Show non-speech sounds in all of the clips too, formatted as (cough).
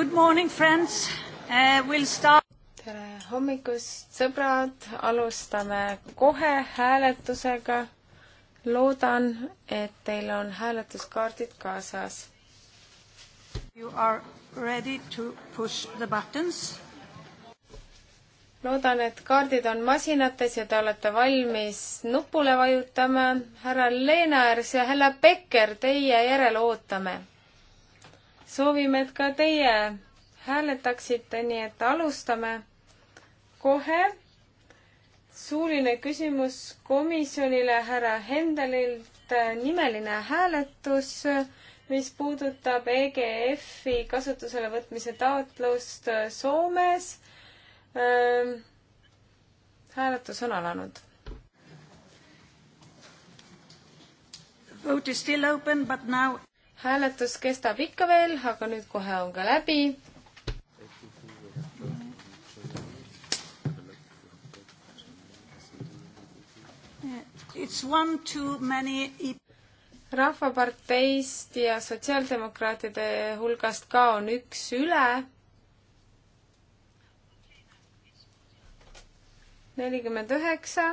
Good morning, friends uh,. We'll start. tere hommikust, sõbrad, alustame kohe hääletusega. loodan, et teil on hääletuskaardid kaasas. You are ready to push the buttons. loodan, et kaardid on masinates ja te olete valmis nupule vajutama. härra Leenaärs ja härra Becker, teie järel ootame soovime, et ka teie hääletaksite, nii et alustame kohe. suuline küsimus komisjonile härra Hendelilt, nimeline hääletus, mis puudutab EGF-i kasutusele võtmise taotlust Soomes ähm, hääletus on alanud. Vote is still open but now hääletus kestab ikka veel, aga nüüd kohe on ka läbi. E- rahvaparteist ja sotsiaaldemokraatide hulgast ka on üks üle. nelikümmend üheksa.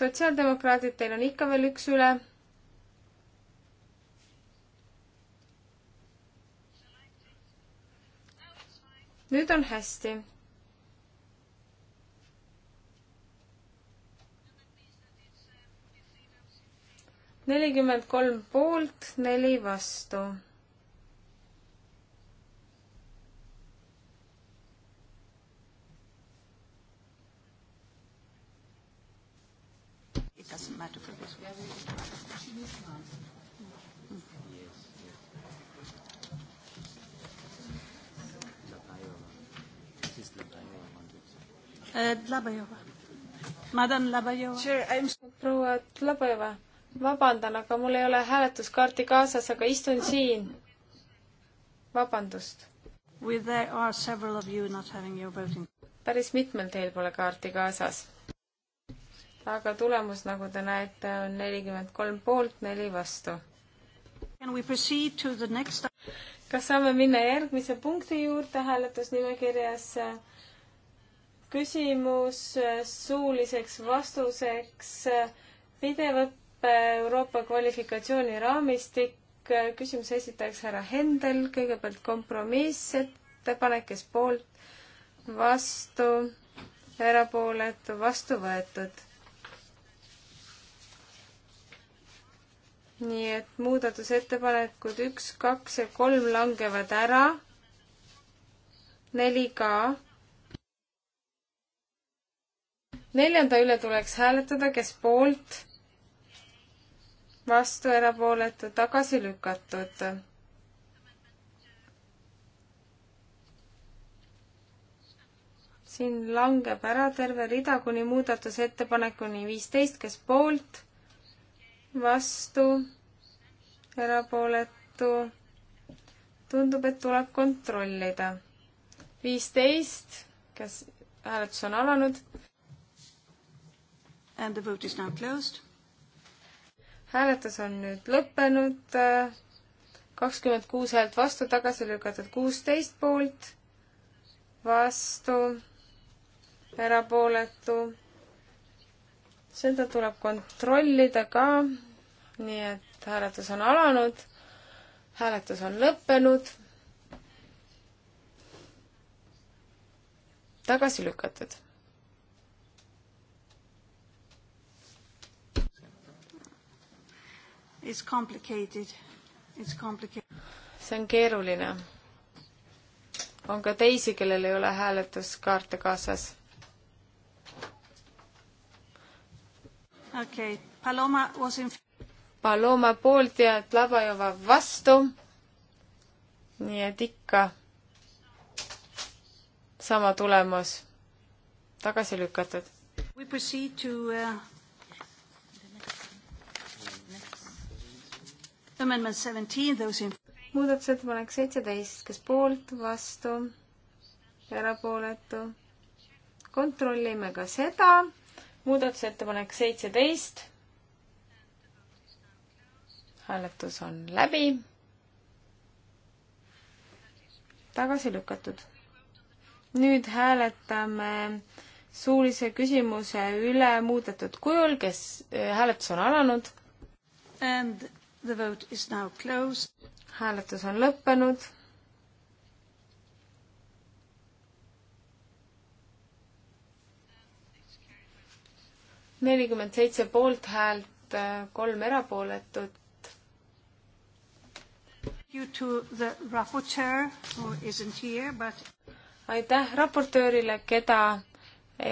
sotsiaaldemokraadid, teil on ikka veel üks üle nüüd on hästi. nelikümmend kolm poolt, neli vastu. It doesn't matter for this one. Eh, Dlabajova. Madam Dlabajova. Sure, I am proua Dlabajova. vabandan, aga mul ei ole hääletuskaarti kaasas, aga istun siin. vabandust. There are several of you not having your voting. päris mitmel teil pole kaarti kaasas. aga tulemus, nagu te näete, on nelikümmend kolm poolt, neli vastu. Can we proceed to the next? kas saame minna järgmise punkti juurde hääletusnimekirjas? küsimus suuliseks vastuseks, videoõppe Euroopa kvalifikatsiooniraamistik, küsimuse esitajaks härra Hendel, kõigepealt kompromissettepanek, kes poolt, vastu, erapooletu, vastu võetud. nii et muudatusettepanekud üks, kaks ja kolm langevad ära, neli ka neljanda üle tuleks hääletada, kes poolt, vastu, erapooletu, tagasi lükatud. siin langeb ära terve rida kuni muudatusettepanekuni viisteist, kes poolt, vastu, erapooletu. tundub, et tuleb kontrollida. viisteist, kas hääletus on alanud? And the vote is now closed. hääletus on nüüd lõppenud, kakskümmend kuus häält vastu, tagasi lükatud kuusteist poolt, vastu, erapooletu. seda tuleb kontrollida ka, nii et hääletus on alanud, hääletus on lõppenud, tagasi lükatud It's complicated. It's complicated. see on keeruline. on ka teisi, kellel ei ole hääletuskaarte kaasas. okei okay., Paloma was in Paloma poolt ja Tlabajova vastu. nii et ikka sama tulemus tagasi lükatud. We proceed to uh Amendment seventeen, those in muudatusettepanek seitseteist, kes poolt, vastu, erapooletu. kontrollime ka seda. muudatusettepanek seitseteist. hääletus on läbi. tagasi lükatud. nüüd hääletame suulise küsimuse üle muudetud kujul, kes, äh, hääletus on alanud. And The vote is now closed. hääletus on lõppenud. nelikümmend seitse poolthäält, kolm erapooletut. Due to the raporteur who isn't here but aitäh raportöörile, keda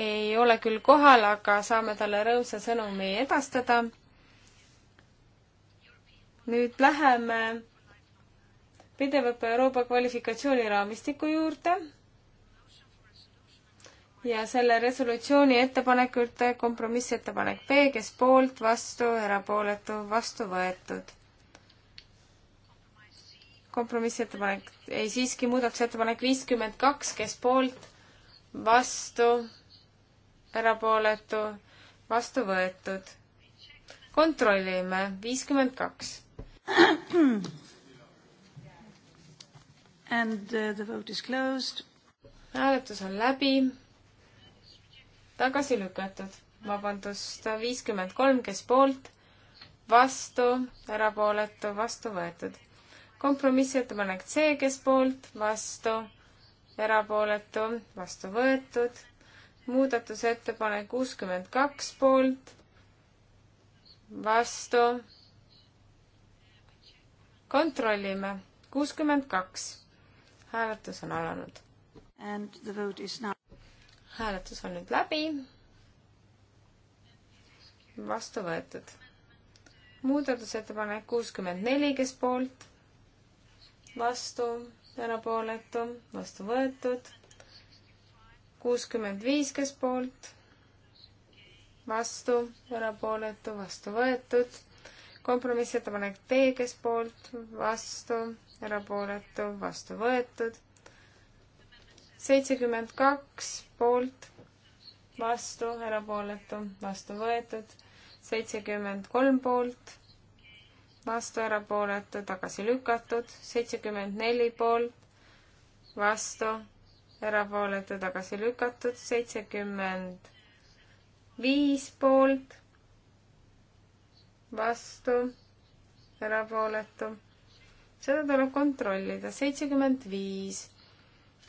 ei ole küll kohal, aga saame talle rõõmsa sõnumi edastada nüüd läheme pidevõppe Euroopa kvalifikatsiooniraamistiku juurde ja selle resolutsiooni ettepanekute kompromissettepanek B, kes poolt, vastu, erapooletu, vastu võetud. kompromissettepanek, ei siiski muudatusettepanek viiskümmend kaks, kes poolt, vastu, erapooletu, vastu võetud. kontrollime, viiskümmend kaks (coughs) And uh, the vote is closed. hääletus on läbi. tagasi lükatud, vabandust, viiskümmend kolm, kes poolt, vastu, erapooletu, vastu võetud. kompromissettepanek C, kes poolt, vastu, erapooletu, vastu võetud. muudatusettepanek kuuskümmend kaks poolt, vastu kontrollime. kuuskümmend kaks. hääletus on alanud. hääletus on nüüd läbi. vastu võetud. muudatusettepanek kuuskümmend neli, kes poolt? vastu, erapooletu, vastu võetud. kuuskümmend viis, kes poolt? vastu, erapooletu, vastu võetud kompromissettepanek B, kes poolt, vastu, erapooletu, vastu võetud. seitsekümmend kaks poolt, vastu, erapooletu, vastu võetud. seitsekümmend kolm poolt, vastu, erapooletu, tagasi lükatud. seitsekümmend neli poolt, vastu, erapooletu, tagasi lükatud. seitsekümmend viis poolt vastu, erapooletu. seda tuleb kontrollida. seitsekümmend viis.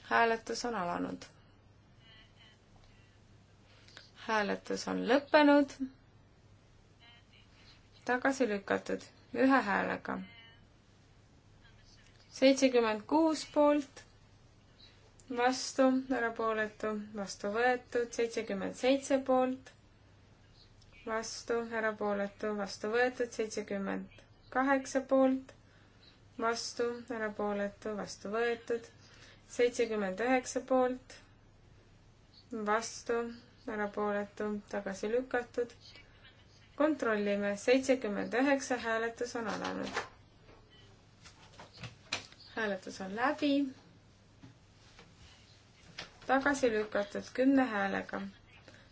hääletus on alanud. hääletus on lõppenud. tagasi lükatud ühe häälega. seitsekümmend kuus poolt, vastu, erapooletu, vastu võetud, seitsekümmend seitse poolt vastu, erapooletu, vastu võetud, seitsekümmend kaheksa poolt, vastu, erapooletu, vastu võetud, seitsekümmend üheksa poolt, vastu, erapooletu, tagasi lükatud. kontrollime, seitsekümmend üheksa hääletus on alanud. hääletus on läbi. tagasi lükatud kümne häälega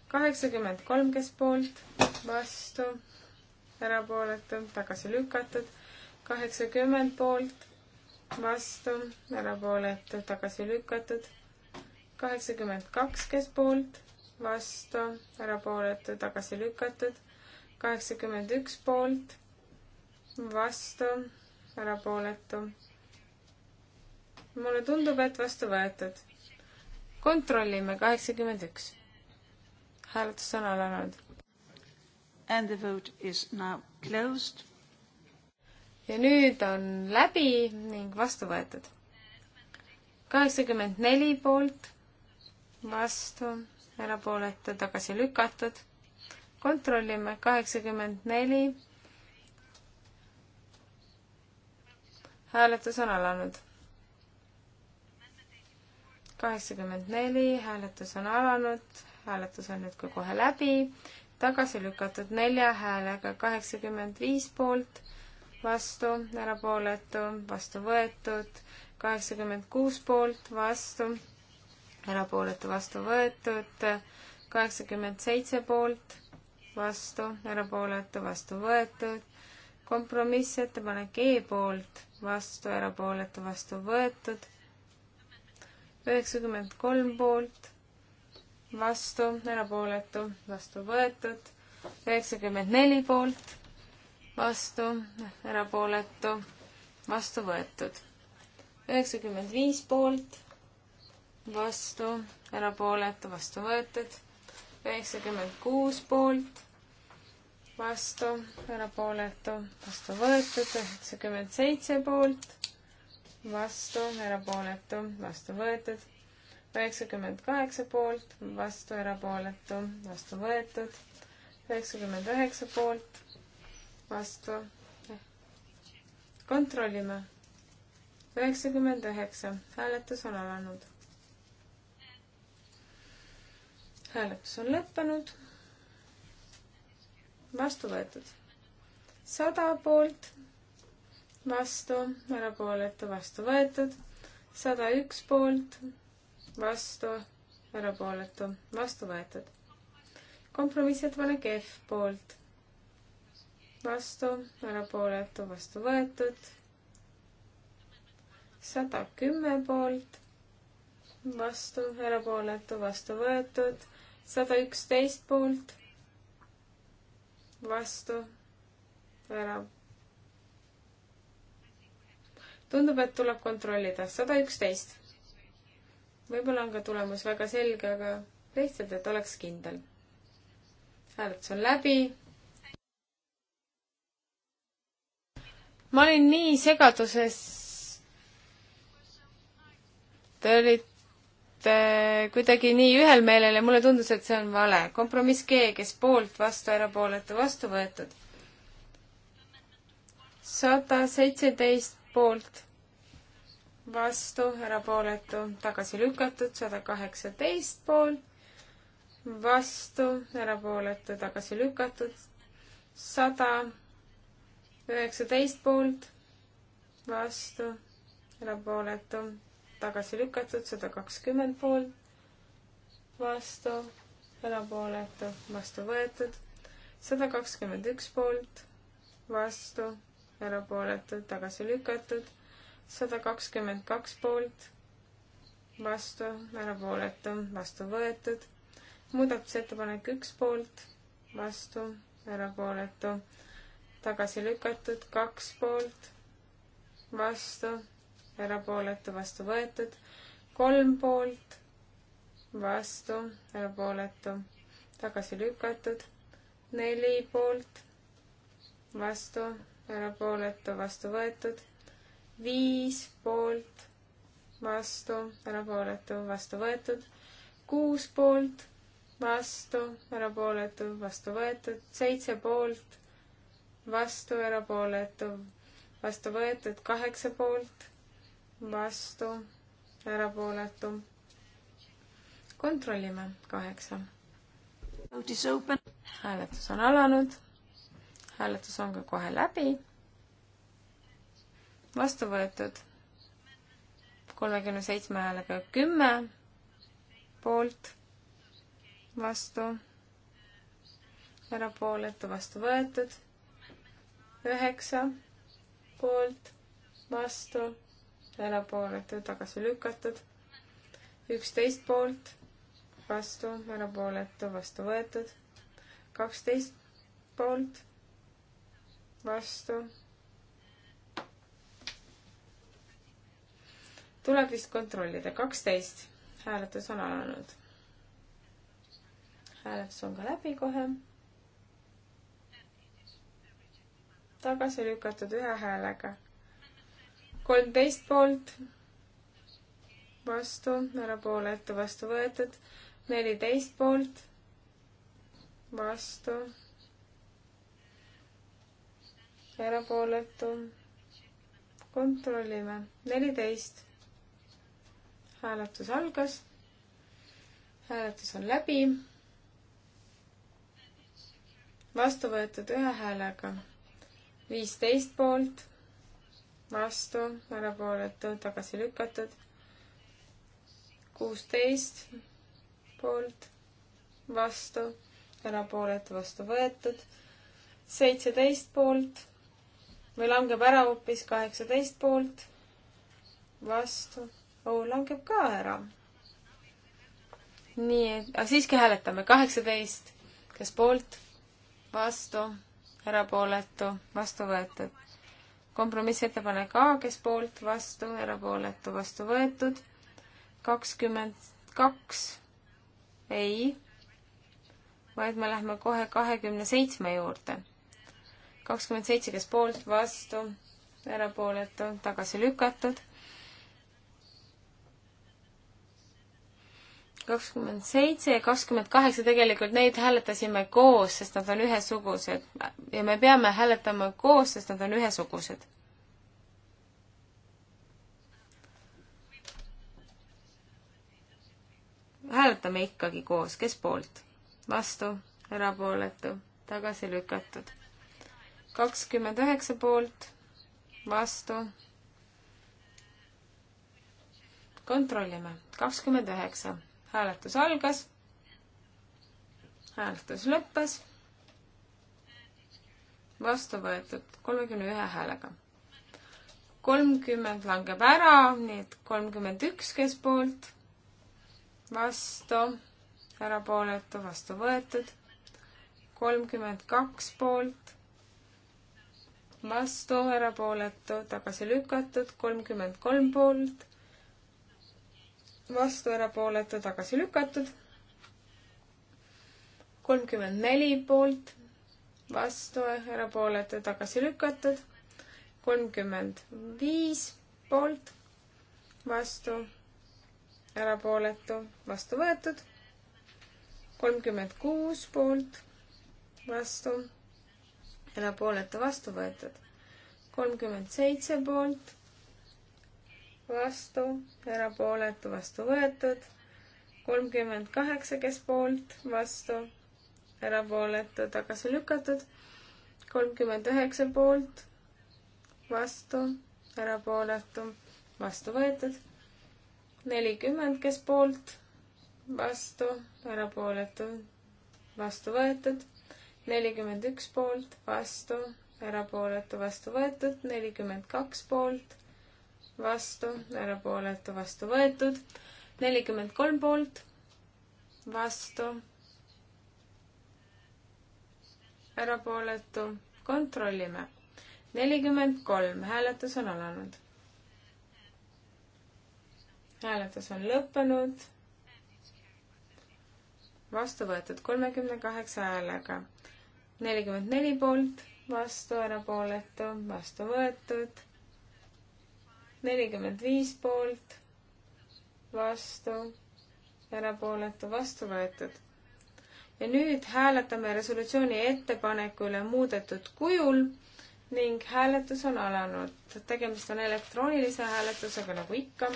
kaheksakümmend kolm, kes poolt, vastu, erapooletu, tagasi lükatud. kaheksakümmend poolt, vastu, erapooletu, tagasi lükatud. kaheksakümmend kaks, kes poolt, vastu, erapooletu, tagasi lükatud. kaheksakümmend üks poolt, vastu, erapooletu. mulle tundub, et vastu võetud. kontrollime, kaheksakümmend üks. hääletus on alanud And the vote is now closed. ja nüüd on läbi ning vastu võetud. kaheksakümmend neli poolt, vastu, erapooletu, tagasi lükatud. kontrollime, kaheksakümmend neli. hääletus on alanud kaheksakümmend neli, hääletus on alanud, hääletus on nüüd ka kohe läbi tagasi lükatud nelja häälega, kaheksakümmend viis poolt, vastu, erapooletu, vastu võetud, kaheksakümmend kuus poolt, vastu, erapooletu, vastu võetud, kaheksakümmend seitse poolt, vastu, erapooletu, vastu võetud, kompromissettepanek E poolt, vastu, erapooletu, vastu võetud, üheksakümmend kolm poolt, vastu, erapooletu, vastu võetud, üheksakümmend neli poolt, vastu, erapooletu, vastu võetud, üheksakümmend viis poolt, vastu, erapooletu, vastu võetud, üheksakümmend kuus poolt, vastu, erapooletu, vastu võetud, üheksakümmend seitse poolt, vastu, erapooletu, vastu võetud, üheksakümmend kaheksa poolt, vastu erapooletu, vastu võetud. üheksakümmend üheksa poolt, vastu. kontrollime. üheksakümmend üheksa, hääletus on alanud. hääletus on lõppenud. vastu võetud. sada poolt, vastu, erapooletu, vastu võetud. sada üks poolt vastu, erapooletu, vastu võetud. kompromissettepanek F poolt, vastu, erapooletu, vastu võetud. sada kümme poolt, vastu, erapooletu, vastu võetud. sada üksteist poolt, vastu, ära. tundub, et tuleb kontrollida, sada üksteist võib-olla on ka tulemus väga selge, aga lihtsalt, et oleks kindel. hääletus on läbi. ma olin nii segaduses. Te olite kuidagi nii ühel meelel ja mulle tundus, et see on vale. kompromiss G, kes poolt, vastu, erapooletu, vastu võetud. sada seitseteist poolt vastu, erapooletu, tagasi lükatud, sada kaheksateist poolt, vastu, erapooletu, tagasi lükatud, sada üheksateist poolt, vastu, erapooletu, tagasi lükatud, sada kakskümmend poolt, vastu, erapooletu, vastu võetud, sada kakskümmend üks poolt, vastu, erapooletu, tagasi lükatud sada kakskümmend kaks poolt, vastu, erapooletu, vastu võetud. muudatusettepanek üks poolt, vastu, erapooletu, tagasi lükatud, kaks poolt, vastu, erapooletu, vastu võetud, kolm poolt, vastu, erapooletu, tagasi lükatud, neli poolt, vastu, erapooletu, vastu võetud viis poolt, vastu, erapooletu, vastu võetud, kuus poolt, vastu, erapooletu, vastu võetud, seitse poolt, vastu, erapooletu, vastu võetud, kaheksa poolt, vastu, erapooletu. kontrollime, kaheksa. hääletus on alanud, hääletus on ka kohe läbi vastu võetud kolmekümne seitsme häälega kümme poolt, vastu, erapooletu, vastu võetud, üheksa poolt, vastu, erapooletu, tagasi lükatud, üksteist poolt, vastu, erapooletu, vastu võetud, kaksteist poolt, vastu tuleb vist kontrollida, kaksteist hääletus on alanud. hääletus on ka läbi kohe. tagasi lükatud ühe häälega. kolmteist poolt, vastu, erapooletu, vastu võetud. neliteist poolt, vastu, erapooletu. kontrollime, neliteist hääletus algas. hääletus on läbi. vastu võetud ühe häälega. viisteist poolt, vastu, erapooletu, tagasi lükatud. kuusteist poolt, vastu, erapooletu, vastu võetud. seitseteist poolt või langeb ära hoopis kaheksateist poolt, vastu O oh, langeb ka ära. nii, aga siiski hääletame. kaheksateist, kes poolt, vastu, erapooletu, vastu võetud. kompromissettepanek A, kes poolt, vastu, erapooletu, vastu võetud. kakskümmend kaks, ei, vaid me lähme kohe kahekümne seitsme juurde. kakskümmend seitse, kes poolt, vastu, erapooletu, tagasi lükatud kakskümmend seitse ja kakskümmend kaheksa, tegelikult neid hääletasime koos, sest nad on ühesugused. ja me peame hääletama koos, sest nad on ühesugused. hääletame ikkagi koos, kes poolt? vastu, erapooletu, tagasi lükatud. kakskümmend üheksa poolt, vastu. kontrollime, kakskümmend üheksa hääletus algas, hääletus lõppes, vastu võetud kolmekümne ühe häälega. kolmkümmend langeb ära, nii et kolmkümmend üks, kes poolt, vastu, erapooletu, vastu võetud, kolmkümmend kaks poolt, vastu, erapooletu, tagasi lükatud, kolmkümmend kolm poolt vastu, erapooletu, tagasi lükatud. kolmkümmend neli poolt, vastu, erapooletu, tagasi lükatud. kolmkümmend viis poolt, vastu, erapooletu, vastu võetud. kolmkümmend kuus poolt, vastu, erapooletu, vastu võetud. kolmkümmend seitse poolt vastu, erapooletu, vastu võetud. kolmkümmend kaheksa, kes poolt, vastu, erapooletu, tagasi lükatud. kolmkümmend üheksa poolt, vastu, erapooletu, vastu võetud. nelikümmend, kes poolt, vastu, erapooletu, vastu võetud. nelikümmend üks poolt, vastu, erapooletu, vastu võetud. nelikümmend kaks poolt vastu, erapooletu, vastu võetud, nelikümmend kolm poolt, vastu, erapooletu, kontrollime. nelikümmend kolm, hääletus on alanud. hääletus on lõppenud, vastu võetud kolmekümne kaheksa häälega, nelikümmend neli poolt, vastu, erapooletu, vastu võetud nelikümmend viis poolt, vastu, erapooletu, vastu võetud. ja nüüd hääletame resolutsiooni ettepaneku üle muudetud kujul ning hääletus on alanud. tegemist on elektroonilise hääletusega nagu ikka.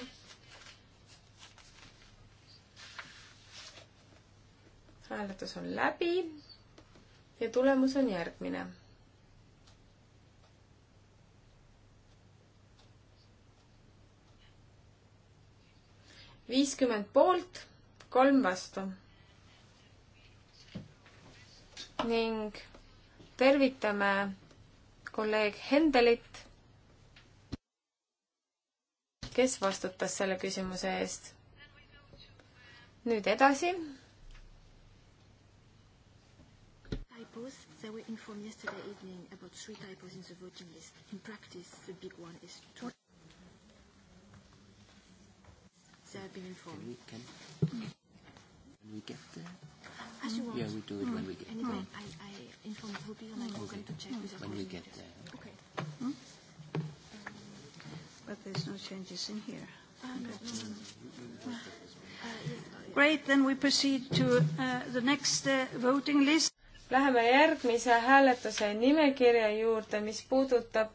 hääletus on läbi ja tulemus on järgmine viiskümmend poolt, kolm vastu. ning tervitame kolleeg Hendelit, kes vastutas selle küsimuse eest. nüüd edasi. Typos, they were informed yesterday evening about three typos in the voting list. In practice, the big one is two. uh, been informed. Can we, can, can we get there? As you want. Yeah, we do it mm. when we get anyway, mm. there. Anyway, I, I informed the whole people and mm. I'm okay. going to check mm. with the When we get there. Okay. Hmm? Um, but there's no changes in here. Uh, no, no, no, no. Uh, yes, uh, Great, then we proceed to uh, the next uh, voting list. Läheme järgmise hääletuse nimekirja juurde, mis puudutab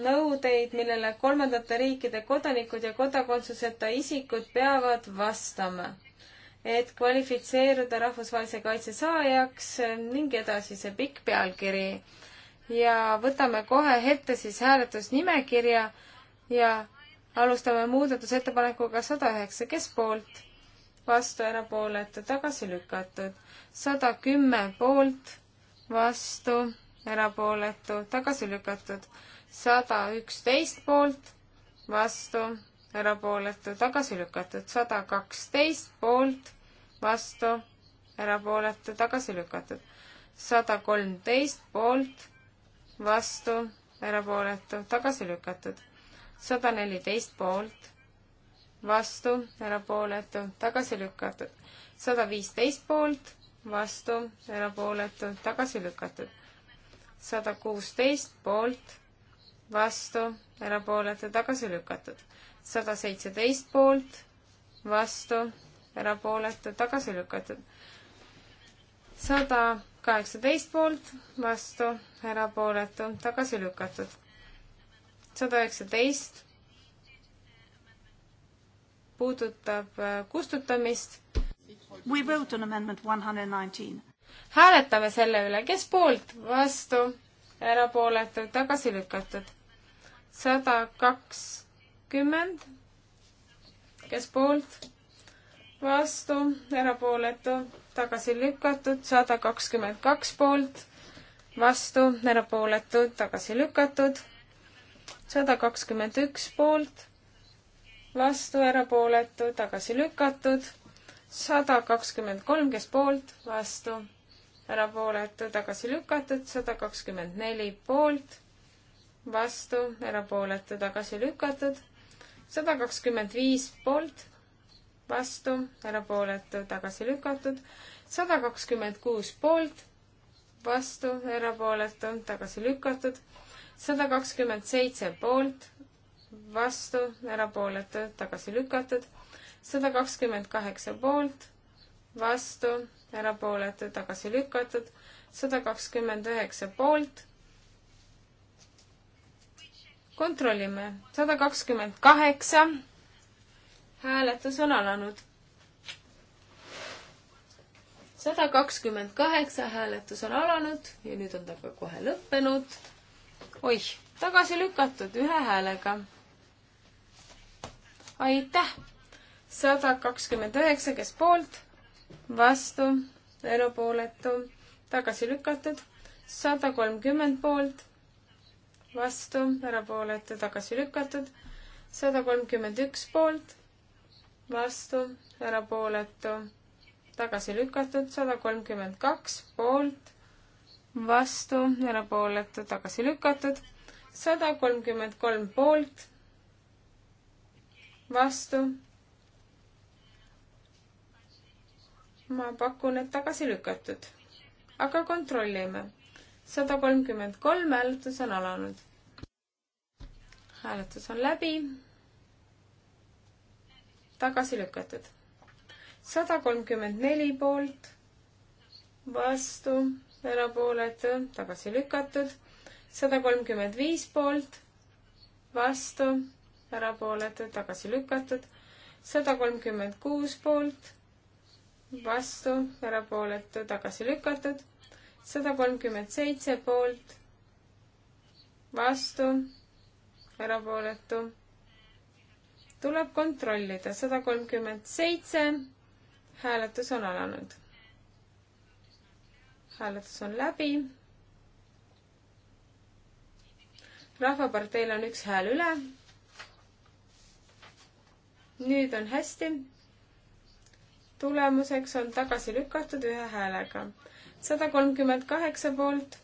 nõudeid, millele kolmandate riikide kodanikud ja kodakondsuseta isikud peavad vastama, et kvalifitseeruda rahvusvahelise kaitse saajaks ning edasi see pikk pealkiri. ja võtame kohe ette siis hääletusnimekirja ja alustame muudatusettepanekuga sada üheksa, kes poolt, vastu, erapooletu, tagasi lükatud, sada kümme poolt, vastu, erapooletu, tagasi lükatud sada üksteist poolt, vastu, erapooletu, tagasi lükatud, sada kaksteist poolt, vastu, erapooletu, tagasi lükatud, sada kolmteist poolt, vastu, erapooletu, tagasi lükatud, sada neliteist poolt, vastu, erapooletu, tagasi lükatud, sada viisteist poolt, vastu, erapooletu, tagasi lükatud, sada kuusteist poolt vastu, erapooletu, tagasi lükatud. sada seitseteist poolt, vastu, erapooletu, tagasi lükatud. sada kaheksateist poolt, vastu, erapooletu, tagasi lükatud. sada üheksateist puudutab äh, kustutamist. hääletame selle üle, kes poolt, vastu, erapooletud, tagasi lükatud sada kakskümmend, kes poolt, vastu, erapooletu, tagasi lükatud, sada kakskümmend kaks poolt, vastu, erapooletu, tagasi lükatud, sada kakskümmend üks poolt, vastu, erapooletu, tagasi lükatud, sada kakskümmend kolm, kes poolt, vastu, erapooletu, tagasi lükatud, sada kakskümmend neli poolt vastu, erapooletu, tagasi lükatud. sada kakskümmend viis poolt, vastu, erapooletu, tagasi lükatud. sada kakskümmend kuus poolt, vastu, erapooletu, tagasi lükatud. sada kakskümmend seitse poolt, vastu, erapooletu, tagasi lükatud. sada kakskümmend kaheksa poolt, vastu, erapooletu, tagasi lükatud. sada kakskümmend üheksa poolt kontrollime. sada kakskümmend kaheksa. hääletus on alanud. sada kakskümmend kaheksa hääletus on alanud ja nüüd on ta ka kohe lõppenud. oih, tagasi lükatud ühe häälega. aitäh. sada kakskümmend üheksa, kes poolt, vastu, erapooletu, tagasi lükatud, sada kolmkümmend poolt vastu, erapooletu, tagasi lükatud. sada kolmkümmend üks poolt, vastu, erapooletu, tagasi lükatud. sada kolmkümmend kaks poolt, vastu, erapooletu, tagasi lükatud. sada kolmkümmend kolm poolt, vastu. ma pakun, et tagasi lükatud. aga kontrollime sada kolmkümmend kolm, hääletus on alanud. hääletus on läbi. tagasi lükatud. sada kolmkümmend neli poolt, vastu, erapooletu, tagasi lükatud. sada kolmkümmend viis poolt, vastu, erapooletu, tagasi lükatud. sada kolmkümmend kuus poolt, vastu, erapooletu, tagasi lükatud sada kolmkümmend seitse poolt, vastu, erapooletu. tuleb kontrollida, sada kolmkümmend seitse, hääletus on alanud. hääletus on läbi. rahvaparteil on üks hääl üle. nüüd on hästi tulemuseks on tagasi lükatud ühe häälega sada kolmkümmend kaheksa poolt,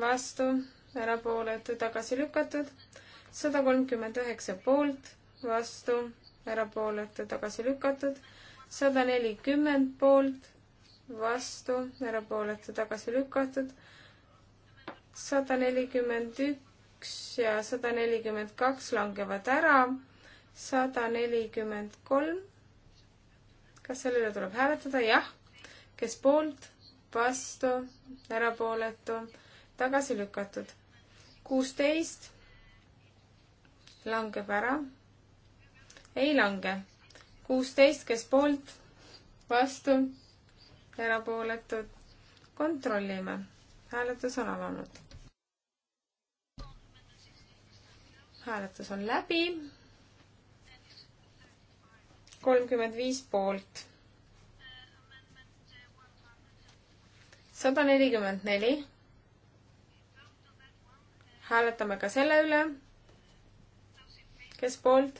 vastu, erapooletu, tagasi lükatud. sada kolmkümmend üheksa poolt, vastu, erapooletu, tagasi lükatud. sada nelikümmend poolt, vastu, erapooletu, tagasi lükatud. sada nelikümmend üks ja sada nelikümmend kaks langevad ära. sada nelikümmend kolm. kas selle üle tuleb hääletada? jah. kes poolt? vastu, erapooletu, tagasi lükatud. kuusteist langeb ära. ei lange. kuusteist, kes poolt, vastu, erapooletud, kontrollime. hääletus on alanud. hääletus on läbi. kolmkümmend viis poolt sada nelikümmend neli. hääletame ka selle üle. kes poolt?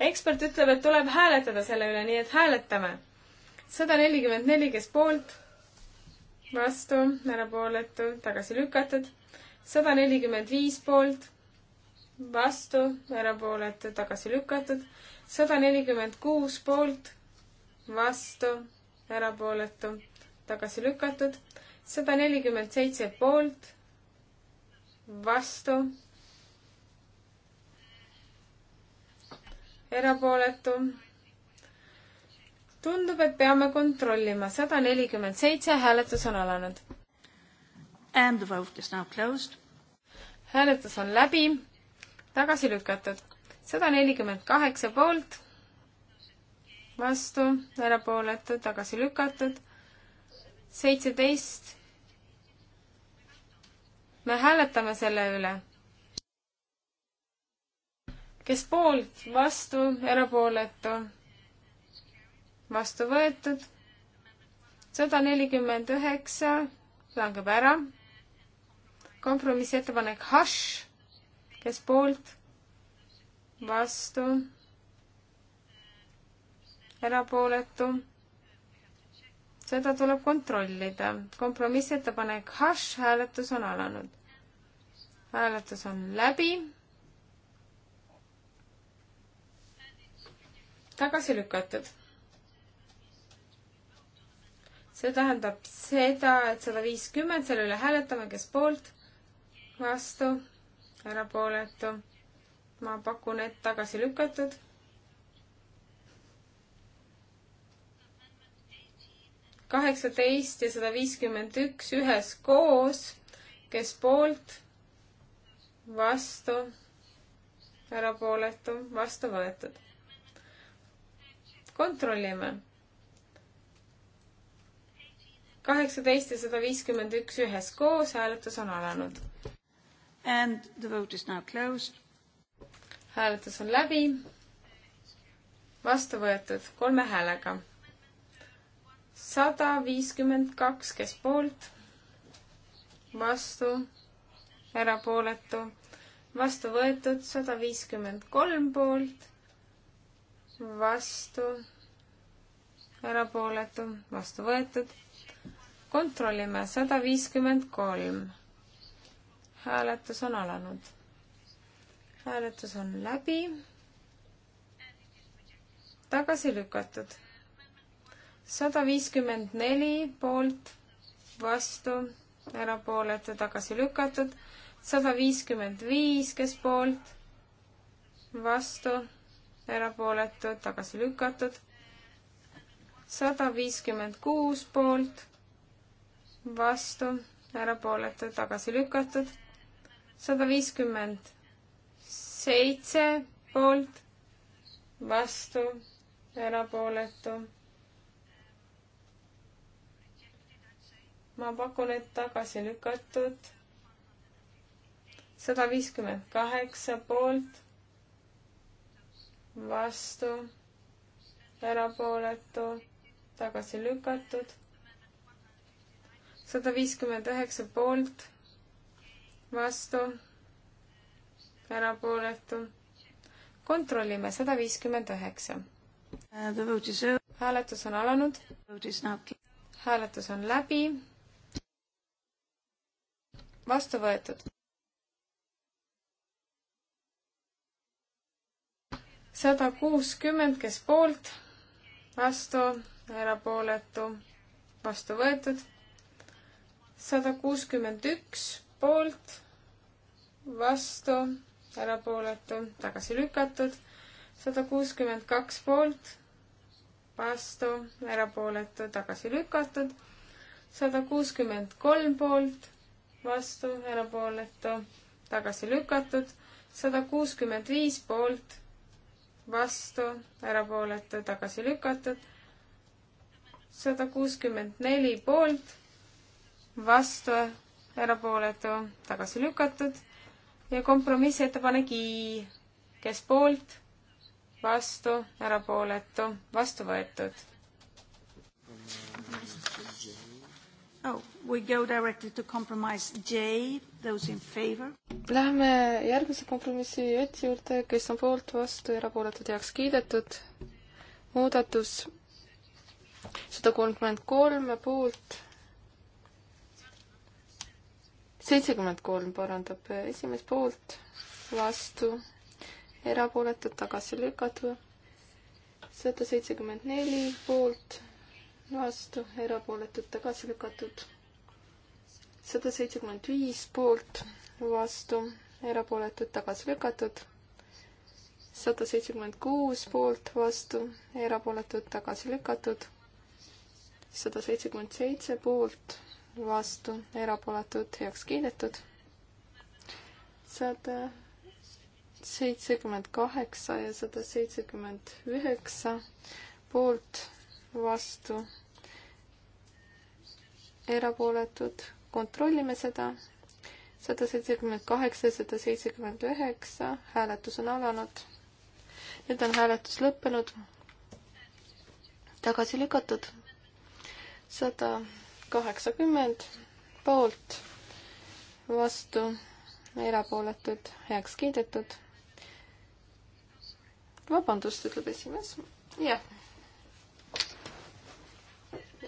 ekspert ütleb, et tuleb hääletada selle üle, nii et hääletame. sada nelikümmend neli, kes poolt, vastu, erapooletu, tagasi lükatud. sada nelikümmend viis poolt vastu, erapooletu, tagasi lükatud. sada nelikümmend kuus poolt, vastu, erapooletu, tagasi lükatud. sada nelikümmend seitse poolt, vastu, erapooletu. tundub, et peame kontrollima. sada nelikümmend seitse, hääletus on alanud. And the vote is now closed. hääletus on läbi tagasi lükatud. sada nelikümmend kaheksa poolt, vastu, erapooletu, tagasi lükatud. seitseteist. me hääletame selle üle. kes poolt, vastu, erapooletu, vastu võetud. sada nelikümmend üheksa langeb ära. kompromissettepanek Hush kes poolt, vastu, erapooletu. seda tuleb kontrollida. kompromissettepanek hash, hääletus on alanud. hääletus on läbi. tagasi lükatud. see tähendab seda, et sada viiskümmend, selle üle hääletame, kes poolt, vastu erapooletu. ma pakun, et tagasi lükatud. kaheksateist ja sada viiskümmend üks üheskoos, kes poolt, vastu, erapooletu, vastu võetud. kontrollime. kaheksateist ja sada viiskümmend üks üheskoos, hääletus on alanud And the vote is now closed. hääletus on läbi, vastu võetud kolme häälega. sada viiskümmend kaks, kes poolt, vastu, erapooletu, vastu võetud sada viiskümmend kolm poolt, vastu, erapooletu, vastu võetud. kontrollime sada viiskümmend kolm hääletus on alanud. hääletus on läbi. tagasi lükatud. sada viiskümmend neli poolt, vastu, erapooletu, tagasi lükatud. sada viiskümmend viis, kes poolt, vastu, erapooletu, tagasi lükatud. sada viiskümmend kuus poolt, vastu, erapooletu, tagasi lükatud sada viiskümmend seitse poolt, vastu, erapooletu. ma pakun, et tagasi lükatud. sada viiskümmend kaheksa poolt, vastu, erapooletu, tagasi lükatud. sada viiskümmend üheksa poolt vastu, erapooletu. kontrollime, sada viiskümmend üheksa. Uh, hääletus on alanud. hääletus on läbi. vastu võetud. sada kuuskümmend, kes poolt, vastu, erapooletu, vastu võetud. sada kuuskümmend üks poolt, vastu, erapooletu, tagasi lükatud, sada kuuskümmend kaks poolt, vastu, erapooletu, tagasi lükatud, sada kuuskümmend kolm poolt, vastu, erapooletu, tagasi lükatud, sada kuuskümmend viis poolt, vastu, erapooletu, tagasi lükatud, sada kuuskümmend neli poolt, vastu, erapooletu, tagasi lükatud ja kompromissettepanek I, kes poolt, vastu, erapooletu, vastu võetud. Oh, we go directly to compromise J, those in favor. Lähme järgmise kompromissi J juurde, kes on poolt, vastu, erapooletud, heaks kiidetud. muudatus sada kolmkümmend kolm poolt seitsekümmend kolm parandab äh, esimest poolt, vastu, erapooletud, tagasi lükatud. sada seitsekümmend neli poolt, vastu, erapooletud, tagasi lükatud. sada seitsekümmend viis poolt, vastu, erapooletud, tagasi lükatud. sada seitsekümmend kuus poolt, vastu, erapooletud, tagasi lükatud. sada seitsekümmend seitse poolt vastu, erapooletud, heaks kiidetud. sada seitsekümmend kaheksa ja sada seitsekümmend üheksa poolt, vastu, erapooletud, kontrollime seda. sada seitsekümmend kaheksa ja sada seitsekümmend üheksa, hääletus on alanud. nüüd on hääletus lõppenud, tagasi lükatud. sada kaheksakümmend poolt, vastu, erapooletud, heaks kiidetud. vabandust, ütleb esimees. jah.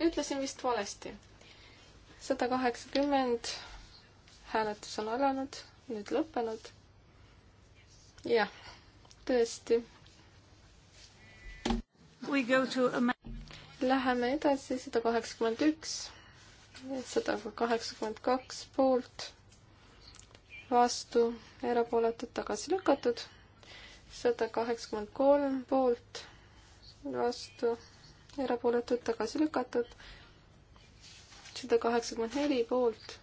ütlesin vist valesti. sada kaheksakümmend, hääletus on alanud, nüüd lõppenud. jah, tõesti. Läheme edasi, sada kaheksakümmend üks sada kaheksakümmend kaks poolt, vastu, erapooletud, tagasi lükatud, sada kaheksakümmend kolm poolt, vastu, erapooletud, tagasi lükatud, sada kaheksakümmend neli poolt,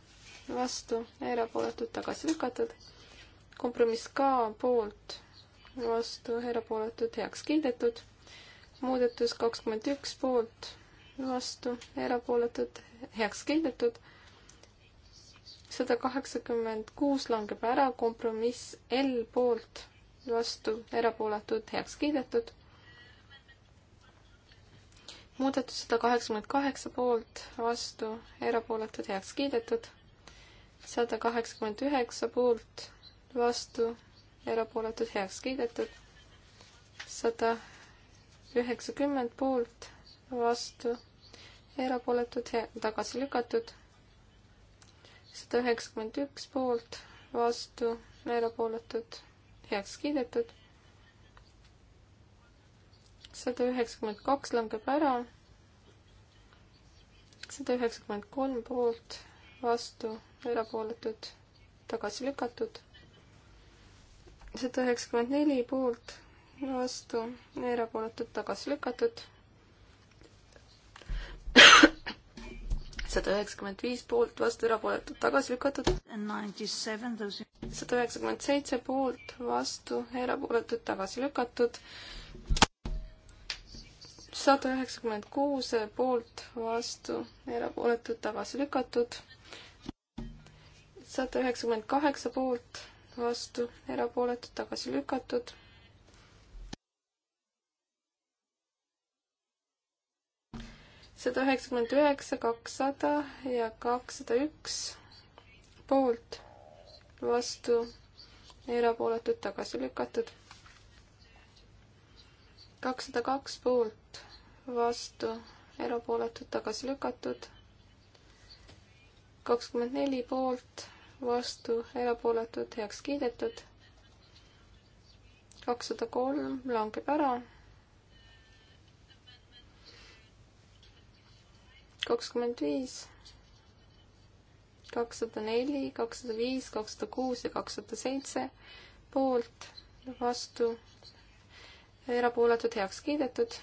vastu, erapooletud, tagasi lükatud, kompromiss ka poolt, vastu, erapooletud, heaks kiidetud, muudatus kakskümmend üks poolt vastu, erapooletud, heaks kiidetud. sada kaheksakümmend kuus langeb ära, kompromiss L poolt, vastu, erapooletud, heaks kiidetud. muudatus sada kaheksakümmend kaheksa poolt, vastu, erapooletud, heaks kiidetud. sada kaheksakümmend üheksa poolt, vastu, erapooletud, heaks kiidetud. sada üheksakümmend poolt, vastu, erapooletud, tagasi lükatud. sada üheksakümmend üks poolt, vastu, erapooletud, heaks kiidetud. sada üheksakümmend kaks langeb ära. sada üheksakümmend kolm poolt, vastu, erapooletud, tagasi lükatud. sada üheksakümmend neli poolt, vastu, erapooletud, tagasi lükatud sada üheksakümmend viis poolt, vastu erapooletud, tagasi lükatud. sada üheksakümmend seitse poolt, vastu erapooletud, tagasi lükatud. sada üheksakümmend kuus poolt, vastu erapooletud, tagasi lükatud. sada üheksakümmend kaheksa poolt, vastu erapooletud, tagasi lükatud sada üheksakümmend üheksa, kakssada ja kakssada üks poolt, vastu, erapooletud, tagasi lükatud. kakssada kaks poolt, vastu, erapooletud, tagasi lükatud. kakskümmend neli poolt, vastu, erapooletud, heaks kiidetud. kakssada kolm langeb ära kakskümmend viis, kakssada neli, kakssada viis, kakssada kuus ja kakssada seitse poolt, vastu, erapooletud, heaks kiidetud.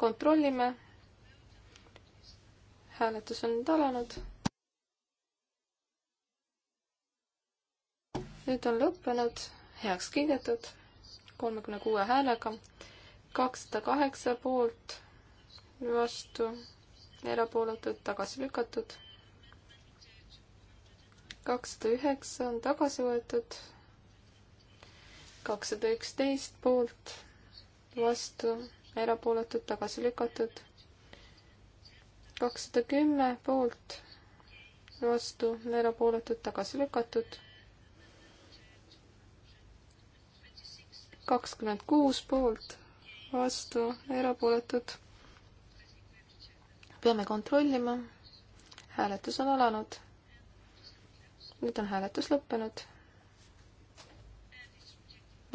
kontrollime. hääletus on nüüd alanud. nüüd on lõppenud, heaks kiidetud, kolmekümne kuue häälega, kakssada kaheksa poolt, vastu erapooletud, tagasi lükatud. kakssada üheksa on tagasi võetud. kakssada üksteist poolt, vastu, erapooletud, tagasi lükatud. kakssada kümme poolt, vastu, erapooletud, tagasi lükatud kakskümmend kuus poolt, vastu, erapooletud, peame kontrollima. hääletus on alanud. nüüd on hääletus lõppenud.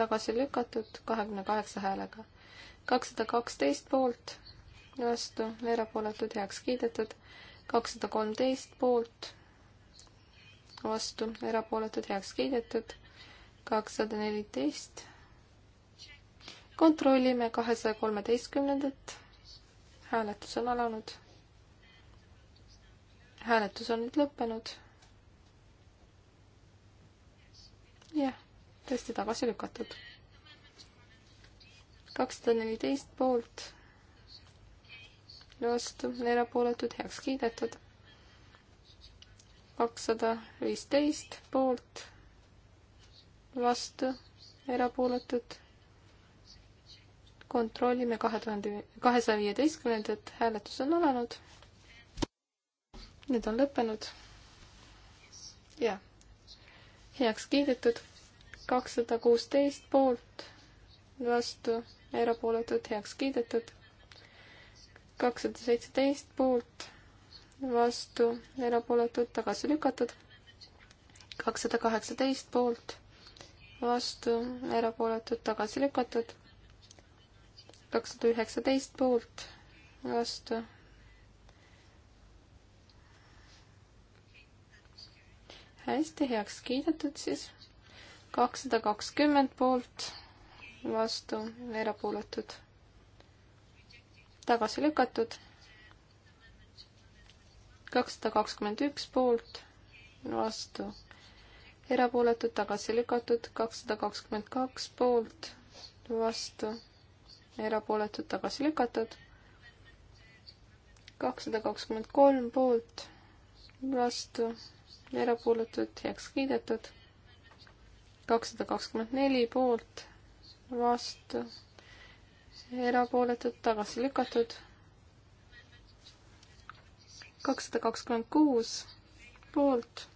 tagasi lükatud kahekümne kaheksa häälega. kakssada kaksteist poolt, vastu, erapooletud, heaks kiidetud. kakssada kolmteist poolt, vastu, erapooletud, heaks kiidetud. kakssada neliteist. kontrollime kahesaja kolmeteistkümnendat. hääletus on alanud hääletus on nüüd lõppenud. jah, tõesti tagasi lükatud. kakssada neliteist poolt, vastu, erapooletud, heaks kiidetud. kakssada viisteist poolt, vastu, erapooletud kontrollime kahe tuhande, kahesaja viieteistkümnendat, hääletus on alanud nüüd on lõppenud. jah, heaks kiidetud kakssada kuusteist poolt, vastu, erapooletud, heaks kiidetud. kakssada seitseteist poolt, vastu, erapooletud, tagasi lükatud. kakssada kaheksateist poolt, vastu, erapooletud, tagasi lükatud. kakssada üheksateist poolt, vastu, hästi, heaks kiidetud siis. kakssada kakskümmend poolt, vastu, erapooletud, tagasi lükatud. kakssada kakskümmend üks poolt, vastu, erapooletud, tagasi lükatud, kakssada kakskümmend kaks poolt, vastu, erapooletud, tagasi lükatud. kakssada kakskümmend kolm poolt, vastu erapooletud, heaks kiidetud. kakssada kakskümmend neli poolt, vastu, erapooletud, tagasi lükatud. kakssada kakskümmend kuus poolt,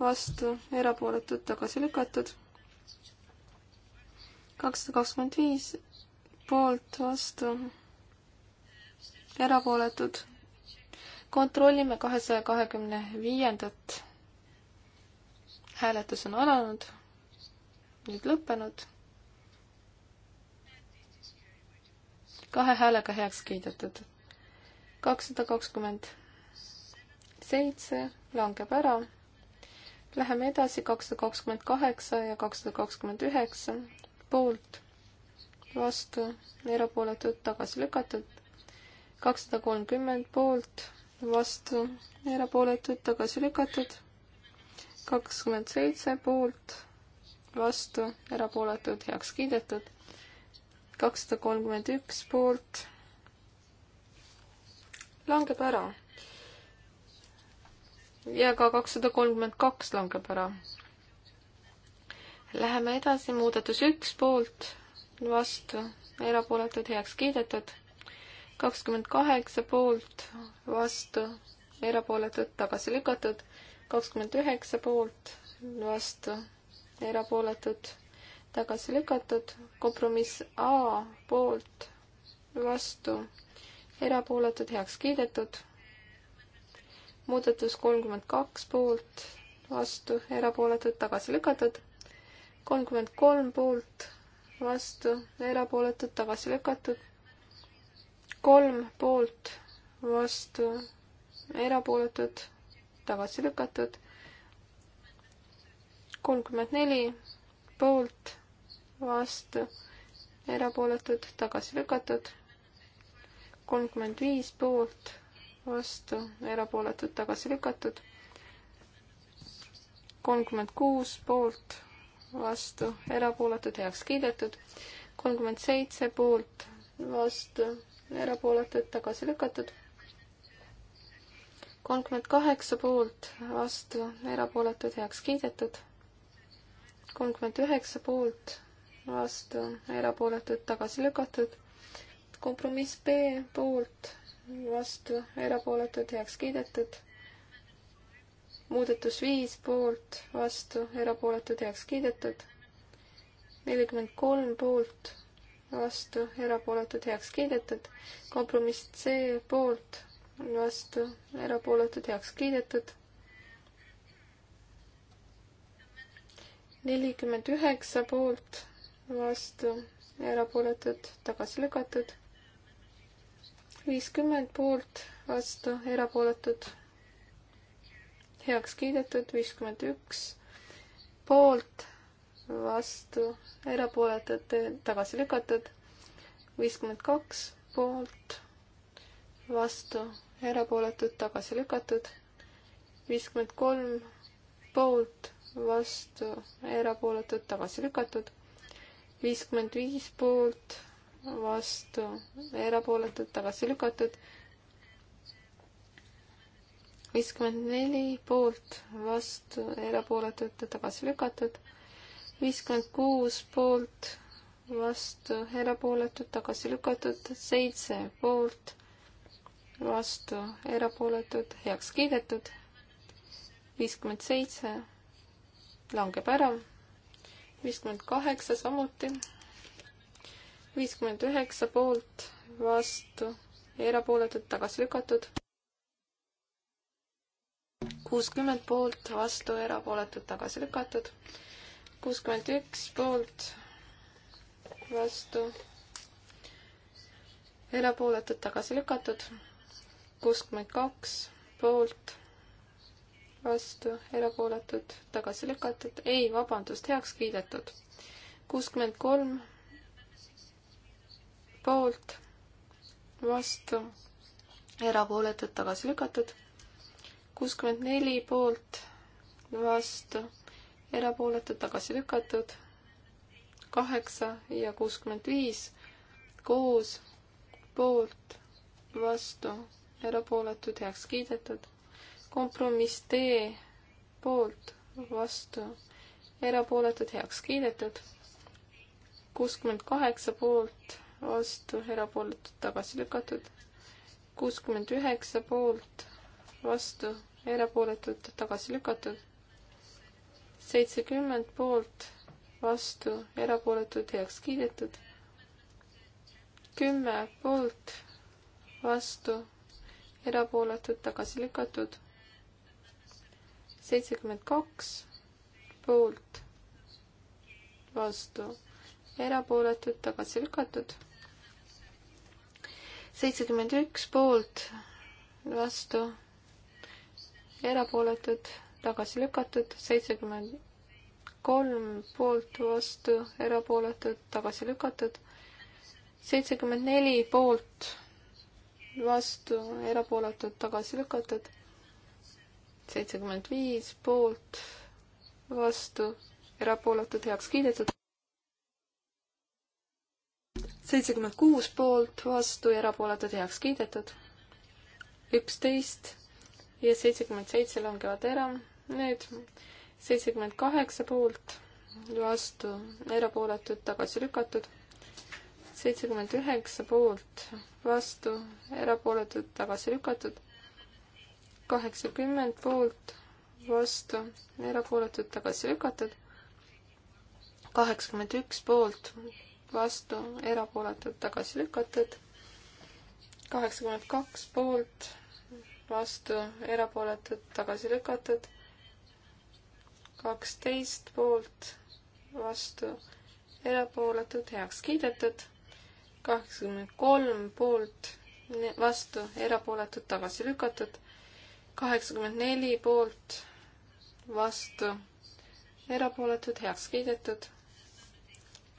vastu, erapooletud, tagasi lükatud. kakssada kakskümmend viis poolt, vastu, erapooletud kontrollime kahesaja kahekümne viiendat. hääletus on alanud, nüüd lõppenud. kahe häälega heaks kiidetud. kakssada kakskümmend seitse langeb ära. Läheme edasi, kakssada kakskümmend kaheksa ja kakssada kakskümmend üheksa poolt, vastu, erapooletud, tagasi lükatud, kakssada kolmkümmend poolt vastu, erapooletud, tagasi lükatud. kakskümmend seitse poolt, vastu, erapooletud, heaks kiidetud. kakssada kolmkümmend üks poolt, langeb ära. ja ka kakssada kolmkümmend kaks langeb ära. Läheme edasi, muudatus üks poolt, vastu, erapooletud, heaks kiidetud kakskümmend kaheksa poolt, vastu, erapooletud, tagasi lükatud, kakskümmend üheksa poolt, vastu, erapooletud, tagasi lükatud, kompromiss A poolt, vastu, erapooletud, heaks kiidetud, muudatus kolmkümmend kaks poolt, vastu, erapooletud, tagasi lükatud, kolmkümmend kolm poolt, vastu, erapooletud, tagasi lükatud, kolm poolt, vastu, erapooletud, tagasi lükatud. kolmkümmend neli poolt, vastu, erapooletud, tagasi lükatud. kolmkümmend viis poolt, vastu, erapooletud, tagasi lükatud. kolmkümmend kuus poolt, vastu, erapooletud, heaks kiidetud. kolmkümmend seitse poolt, vastu, erapooletud, tagasi lükatud. kolmkümmend kaheksa poolt, vastu, erapooletud, heaks kiidetud. kolmkümmend üheksa poolt, vastu, erapooletud, tagasi lükatud. kompromiss B poolt, vastu, erapooletud, heaks kiidetud muudatus viis poolt, vastu, erapooletud, heaks kiidetud. nelikümmend kolm poolt, vastu, erapooletud, heaks kiidetud. kompromiss C poolt, vastu, erapooletud, heaks kiidetud. nelikümmend üheksa poolt, vastu, erapooletud, tagasi lükatud. viiskümmend poolt, vastu, erapooletud, heaks kiidetud, viiskümmend üks poolt vastu, erapooletud, tagasi lükatud, viiskümmend kaks poolt, vastu, erapooletud, tagasi lükatud, viiskümmend kolm poolt, vastu, erapooletud, tagasi lükatud, viiskümmend viis poolt, vastu, erapooletud, tagasi lükatud, viiskümmend neli poolt, vastu, erapooletud, tagasi lükatud viiskümmend kuus poolt, vastu, erapooletud, tagasi lükatud, seitse poolt, vastu, erapooletud, heaks kiidetud, viiskümmend seitse langeb ära, viiskümmend kaheksa samuti, viiskümmend üheksa poolt, vastu, erapooletud, tagasi lükatud, kuuskümmend poolt, vastu, erapooletud, tagasi lükatud kuuskümmend üks poolt, vastu, erapooletud, tagasi lükatud. kuuskümmend kaks poolt, vastu, erapooletud, tagasi lükatud. ei, vabandust, heaks kiidetud. kuuskümmend kolm poolt, vastu, erapooletud, tagasi lükatud. kuuskümmend neli poolt, vastu erapooletud, tagasi lükatud, kaheksa ja kuuskümmend viis koos, poolt, vastu, erapooletud, heaks kiidetud. kompromiss D poolt, vastu, erapooletud, heaks kiidetud. kuuskümmend kaheksa poolt, vastu, erapooletud, tagasi lükatud. kuuskümmend üheksa poolt, vastu, erapooletud, tagasi lükatud seitsekümmend poolt, vastu, erapooletud, heaks kiidetud. kümme poolt, vastu, erapooletud, tagasi lükatud. seitsekümmend kaks poolt, vastu, erapooletud, tagasi lükatud. seitsekümmend üks poolt, vastu, erapooletud tagasi lükatud, seitsekümmend kolm poolt, vastu, erapooletud, tagasi lükatud, seitsekümmend neli poolt, vastu, erapooletud, tagasi lükatud, seitsekümmend viis poolt, vastu, erapooletud, heaks kiidetud, seitsekümmend kuus poolt, vastu, erapooletud, heaks kiidetud, üksteist ja seitsekümmend seitse langevad ära. nüüd seitsekümmend kaheksa poolt, vastu, erapooletud, tagasi lükatud. seitsekümmend üheksa poolt, vastu, erapooletud, tagasi lükatud. kaheksakümmend poolt, vastu, erapooletud, tagasi lükatud. kaheksakümmend üks poolt, vastu, erapooletud, tagasi lükatud. kaheksakümmend kaks poolt vastu, erapooletud, tagasi lükatud. kaksteist poolt, vastu, erapooletud, heaks kiidetud. kaheksakümmend kolm poolt, vastu, erapooletud, tagasi lükatud. kaheksakümmend neli poolt, vastu, erapooletud, heaks kiidetud.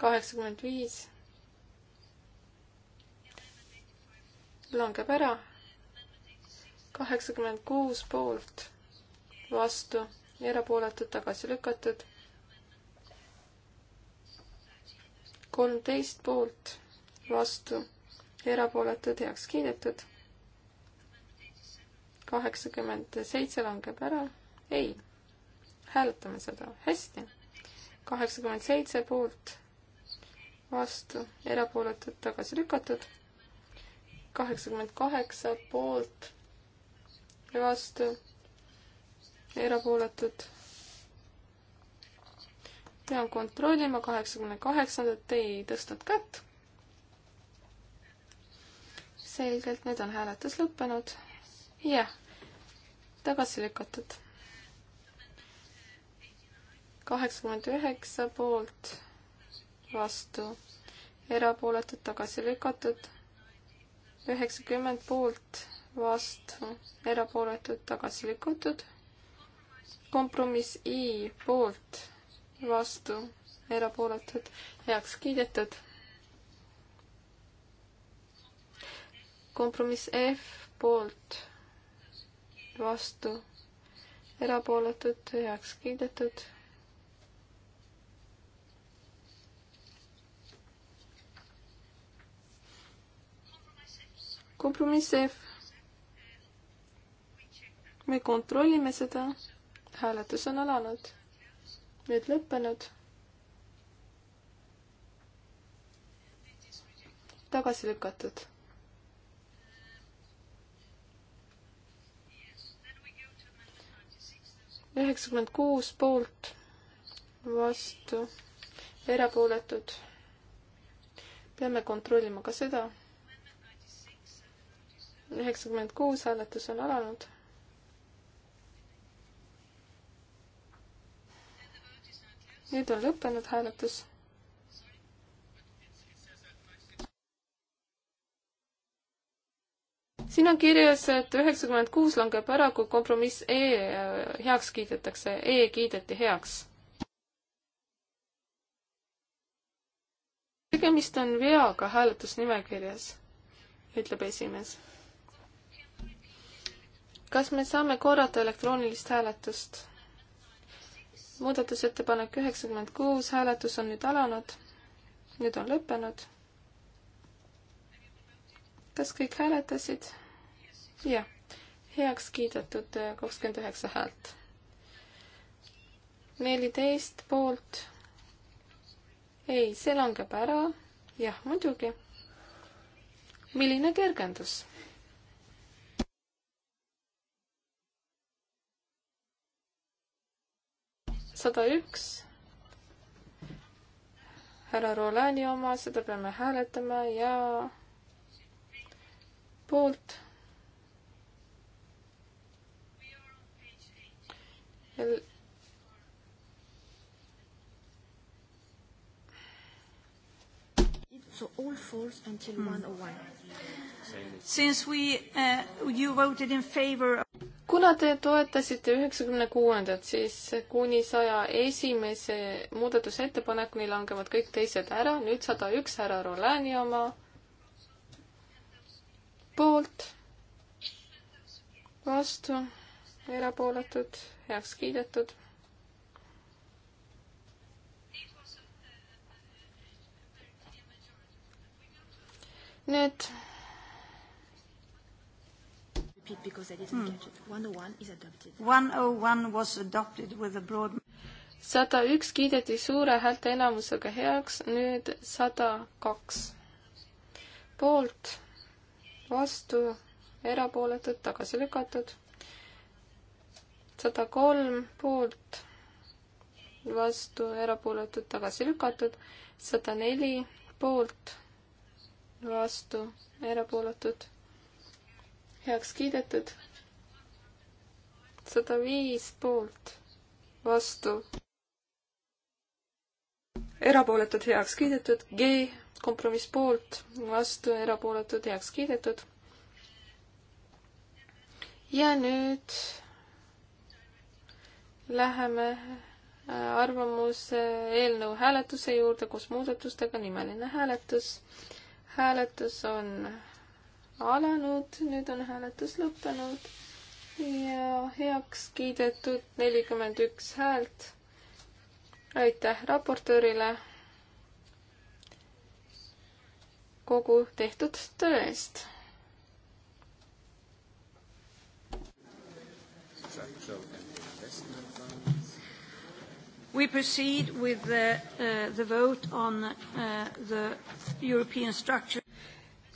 kaheksakümmend viis langeb ära, kaheksakümmend kuus poolt, vastu, erapooletud, tagasi lükatud. kolmteist poolt, vastu, erapooletud, heaks kiidetud. kaheksakümmend seitse langeb ära, ei, hääletame seda, hästi. kaheksakümmend seitse poolt, vastu, erapooletud, tagasi lükatud kaheksakümmend kaheksa poolt, vastu, erapooletud. pean kontrollima kaheksakümne kaheksandat, ei tõstnud kätt. selgelt, nüüd on hääletus lõppenud. jah, tagasi lükatud. kaheksakümmend üheksa poolt, vastu, erapooletud, tagasi lükatud üheksakümmend poolt, vastu, erapooletud, tagasi lükatud. kompromiss I poolt, vastu, erapooletud, heaks kiidetud. kompromiss F poolt, vastu, erapooletud, heaks kiidetud kompromiss F me kontrollime seda. hääletus on alanud, nüüd lõppenud. tagasi lükatud. üheksakümmend kuus poolt, vastu, erapooletud. peame kontrollima ka seda. üheksakümmend kuus hääletus on alanud nüüd on lõppenud hääletus. siin on kirjas, et üheksakümmend kuus langeb ära, kui kompromiss E äh, heaks kiidetakse, E kiideti heaks. tegemist on veaga hääletusnimekirjas, ütleb esimees. kas me saame korrata elektroonilist hääletust? muudatusettepanek üheksakümmend kuus, hääletus on nüüd alanud. nüüd on lõppenud. kas kõik hääletasid? jah, heaks kiidetud kakskümmend üheksa häält. neliteist poolt. ei, see langeb ära. jah, muidugi. milline kergendus sada üks, härra Rolani oma, seda peame hääletama ja poolt. So all falls until mm. 101. Since we, uh, you voted in favor of kuna te toetasite üheksakümne kuuendat, siis kuni saja esimese muudatusettepanekuni langevad kõik teised ära, nüüd sada üks härra Rolani oma poolt, vastu, erapooletud, heaks kiidetud. nüüd repeat because I didn't mm. get it. 101 is adopted. 101 was adopted with a broad sada üks kiideti suure häälteenamusega heaks, nüüd sada kaks. poolt, vastu, erapooletud, tagasi lükatud. sada kolm poolt, vastu, erapooletud, tagasi lükatud. sada neli poolt, vastu, erapooletud heaks kiidetud. sada viis poolt, vastu. erapooletud heaks kiidetud, G kompromiss poolt, vastu, erapooletud heaks kiidetud. ja nüüd läheme äh, arvamuse eelnõu hääletuse juurde koos muudatustega, nimeline hääletus. hääletus on alanud, nüüd on hääletus lõppenud ja heaks kiidetud nelikümmend üks häält. aitäh raportöörile kogu tehtud töö eest. We proceed with the, uh, the vote on uh, the European structure.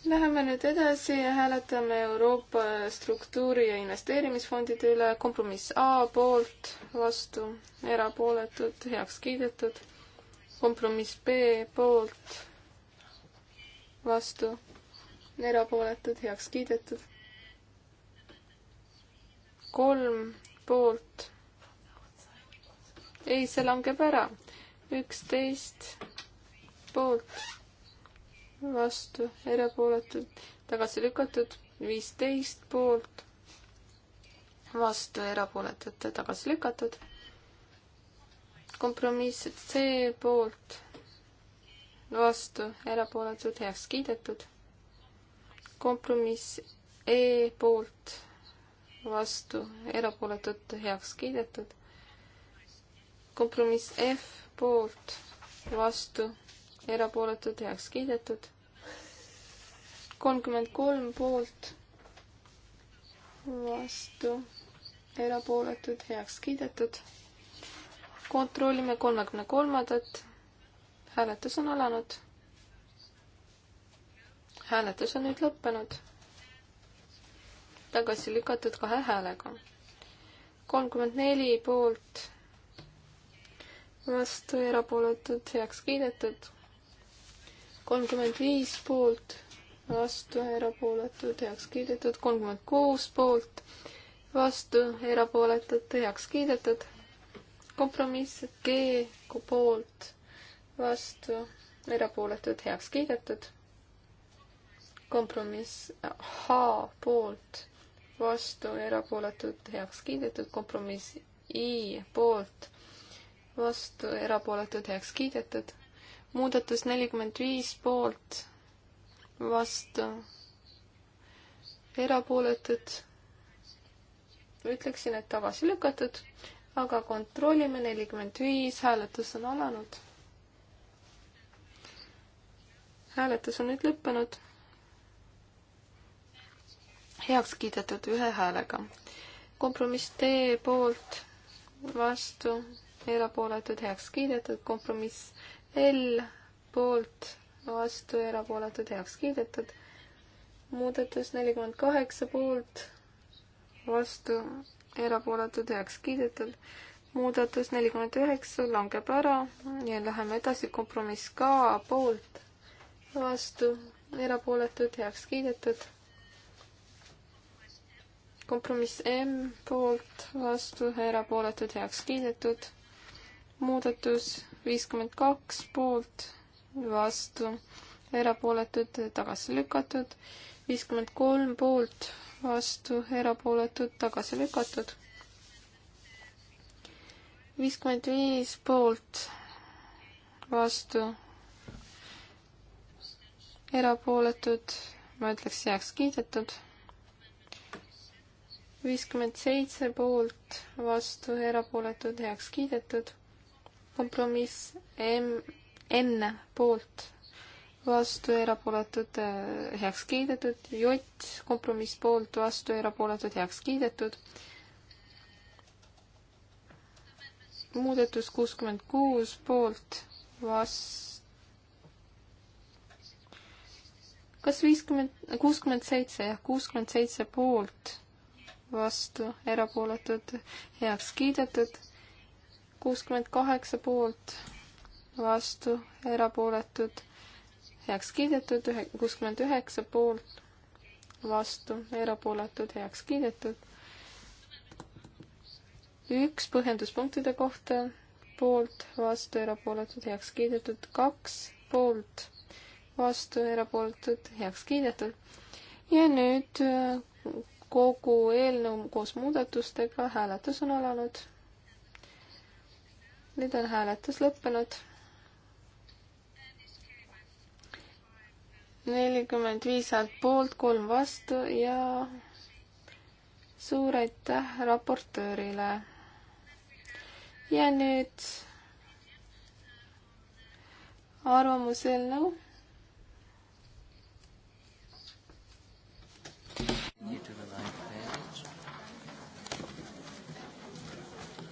Läheme nüüd edasi ja hääletame Euroopa struktuuri- ja investeerimisfondide üle. kompromiss A poolt, vastu, erapooletud, heaks kiidetud. kompromiss B poolt, vastu, erapooletud, heaks kiidetud. kolm poolt. ei, see langeb ära. üksteist poolt vastu, erapooletud, tagasi lükatud, viisteist poolt, vastu, erapooletud, tagasi lükatud. kompromiss C poolt, vastu, erapooletud, heaks kiidetud. kompromiss E poolt, vastu, erapooletud, heaks kiidetud. kompromiss F poolt, vastu erapooletud, heaks kiidetud. kolmkümmend kolm poolt, vastu, erapooletud, heaks kiidetud. kontrollime kolmekümne kolmandat. hääletus on alanud. hääletus on nüüd lõppenud. tagasi lükatud kahe häälega. kolmkümmend neli poolt vastu erapooletud heaks kiidetud kolmkümmend viis poolt, vastu, erapooletud, heaks kiidetud, kolmkümmend kuus poolt, vastu, erapooletud, heaks kiidetud. kompromiss G poolt, vastu, erapooletud, heaks kiidetud. kompromiss H poolt, vastu, erapooletud, heaks kiidetud, kompromiss I poolt, vastu, erapooletud, heaks kiidetud muudatus nelikümmend viis poolt, vastu, erapooletud. ütleksin, et tagasi lükatud, aga kontrollime, nelikümmend viis, hääletus on alanud. hääletus on nüüd lõppenud. heaks kiidetud ühe häälega. kompromiss D poolt, vastu, erapooletud, heaks kiidetud, kompromiss L poolt, vastu, erapooletud, heaks kiidetud. muudatus nelikümmend kaheksa poolt, vastu, erapooletud, heaks kiidetud. muudatus nelikümmend üheksa langeb ära ja läheme edasi, kompromiss ka poolt, vastu, erapooletud, heaks kiidetud kompromiss M poolt, vastu, erapooletud, heaks kiidetud. muudatus viiskümmend kaks poolt, vastu, erapooletud, tagasi lükatud, viiskümmend kolm poolt, vastu, erapooletud, tagasi lükatud, viiskümmend viis poolt, vastu, erapooletud, ma ütleks heaks kiidetud viiskümmend seitse poolt, vastu, erapooletud, heaks kiidetud kompromiss M, N poolt, vastu erapooletud, äh, heaks kiidetud, J kompromiss poolt, vastu erapooletud, heaks kiidetud. muudatus kuuskümmend kuus poolt, vastu kas viiskümmend, kuuskümmend seitse, jah, kuuskümmend seitse poolt, vastu, erapooletud, heaks kiidetud kuuskümmend kaheksa poolt, vastu, erapooletud, heaks kiidetud, ühe, kuuskümmend üheksa poolt, vastu, erapooletud, heaks kiidetud. üks põhjenduspunktide kohta, poolt, vastu, erapooletud, heaks kiidetud, kaks poolt, vastu, erapooletud, heaks kiidetud. ja nüüd kogu eelnõu koos muudatustega hääletus on alanud nüüd on hääletus lõppenud. nelikümmend viis häält poolt, kolm vastu ja suur aitäh raportöörile. ja nüüd arvamuseelnõu no?.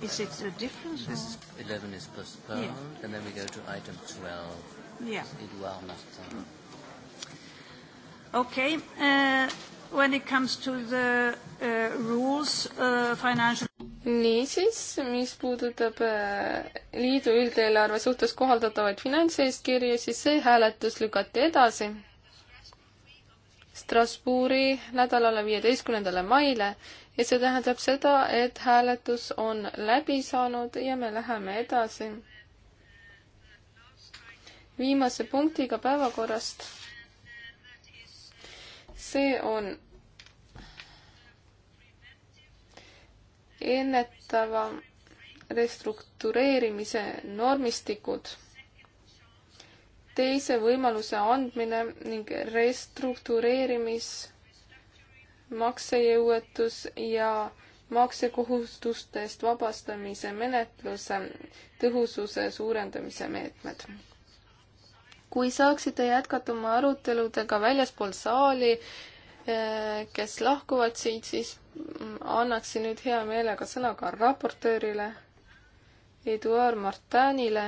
Is it a difference? This 11 is postponed, yeah. and then we go to item 12. Yeah. Edouard Martin. Mm. Okay. Uh, when it comes to the uh, rules, uh, financial niisiis, mis puudutab uh, liidu üldeelarve suhtes kohaldatavaid finantseeskirju, siis see hääletus lükati edasi Strasbourgi nädalale, viieteistkümnendale maile ja see tähendab seda, et hääletus on läbi saanud ja me läheme edasi viimase punktiga päevakorrast. see on ennetava restruktureerimise normistikud teise võimaluse andmine ning restruktureerimis, maksejõuetus ja maksekohustustest vabastamise menetluse tõhususe suurendamise meetmed. kui saaksite jätkata oma aruteludega väljaspool saali, eh, kes lahkuvad siit, siis mm, annaksin nüüd hea meelega sõna ka raportöörile Eduard Martinile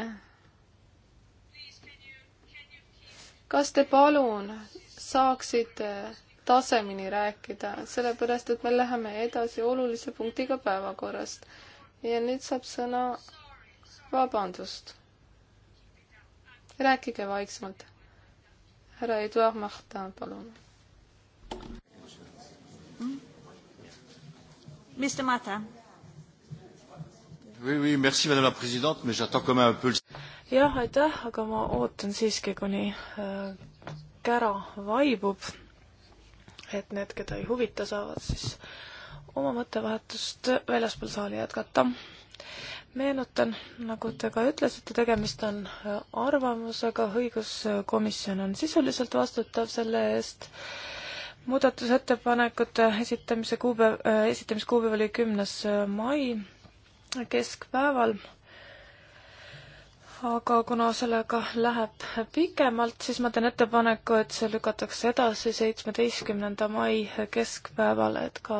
kas te palun saaksite tasemeni rääkida, sellepärast et me läheme edasi olulise punktiga päevakorrast. ja nüüd saab sõna vabandust. rääkige vaiksemalt. härra Eduard Martin, palun. Mr Martin. Oui, oui, merci madame la présidente, mais j'attends quand même un peu le jah, aitäh, aga ma ootan siiski, kuni äh, kära vaibub, et need, keda ei huvita, saavad siis oma mõttevahetust väljaspool saali jätkata. meenutan, nagu te ka ütlesite, tegemist on äh, arvamusega, õiguskomisjon on sisuliselt vastutav selle eest, muudatusettepanekute esitamise kuupäev, äh, esitamiskuupäev oli kümnes mai keskpäeval aga kuna sellega läheb pikemalt, siis ma teen ettepaneku, et see lükatakse edasi seitsmeteistkümnenda mai keskpäevale, et ka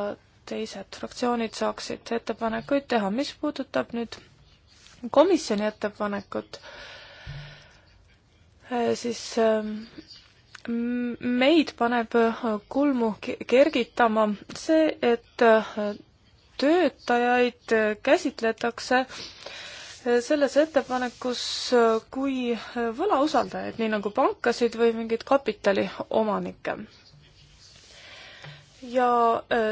teised fraktsioonid saaksid ettepanekuid teha. mis puudutab nüüd komisjoni ettepanekut, eh, siis eh, meid paneb kulmu kergitama see, et eh, töötajaid käsitletakse äh, selles ettepanekus kui võlausaldajaid, nii nagu pankasid või mingeid kapitaliomanikke. ja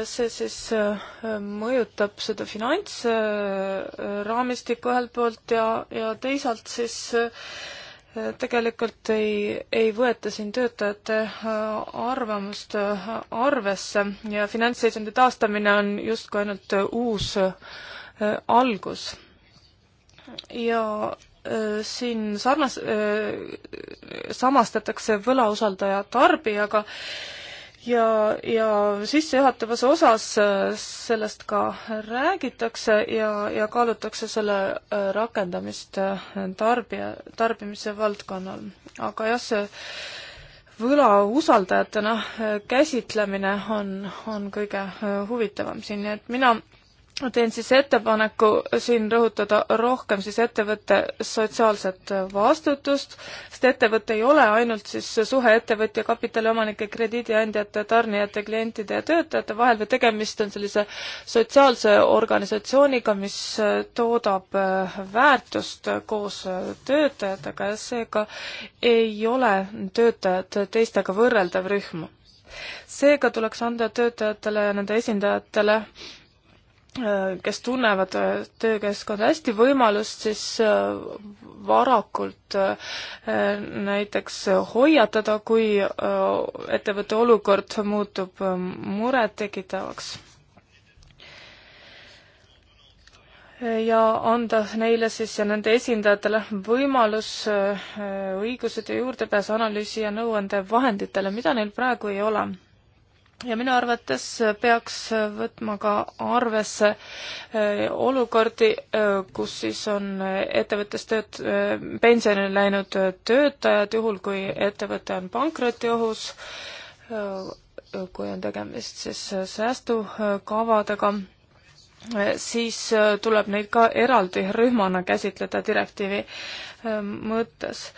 see siis äh, mõjutab seda finantsraamistikku ühelt poolt ja, ja teisalt siis äh, tegelikult ei, ei võeta siin töötajate äh, arvamust arvesse ja finantsseisundi taastamine on justkui ainult uus algus ja äh, siin sarnas-, äh, samastatakse võlausaldaja tarbijaga ja, ja sissejuhatavas osas äh, sellest ka räägitakse ja, ja kaalutakse selle rakendamist tarbija, tarbimise valdkonnal. aga jah, see võlausaldajatena käsitlemine on, on kõige huvitavam siin, nii et mina teen siis ettepaneku siin rõhutada rohkem siis ettevõtte sotsiaalset vastutust, sest ettevõte ei ole ainult siis suhe ettevõtja, kapitaliomanike, krediidiandjate, tarnijate, klientide ja töötajate vahel, vaid tegemist on sellise sotsiaalse organisatsiooniga, mis toodab äh, väärtust koos äh, töötajatega ja seega ei ole töötajad teistega võrreldav rühm. seega tuleks anda töötajatele ja nende esindajatele Äh, kes tunnevad äh, töökeskkonda hästi, võimalust siis äh, varakult näiteks hoiatada, kui ettevõtte olukord muutub murettekitavaks. ja anda neile siis ja nende esindajatele võimalus, õigused ja juurdepääs analüüsi ja nõuandevahenditele, mida neil praegu ei ole ja minu arvates peaks võtma ka arvesse eh, olukordi, eh, kus siis on ettevõttes tööt-, eh, pensionile läinud töötajad, juhul kui ettevõte on pankrotiohus, kui on tegemist siis säästukavadega, siis tuleb neid ka eraldi rühmana käsitleda direktiivi mõttes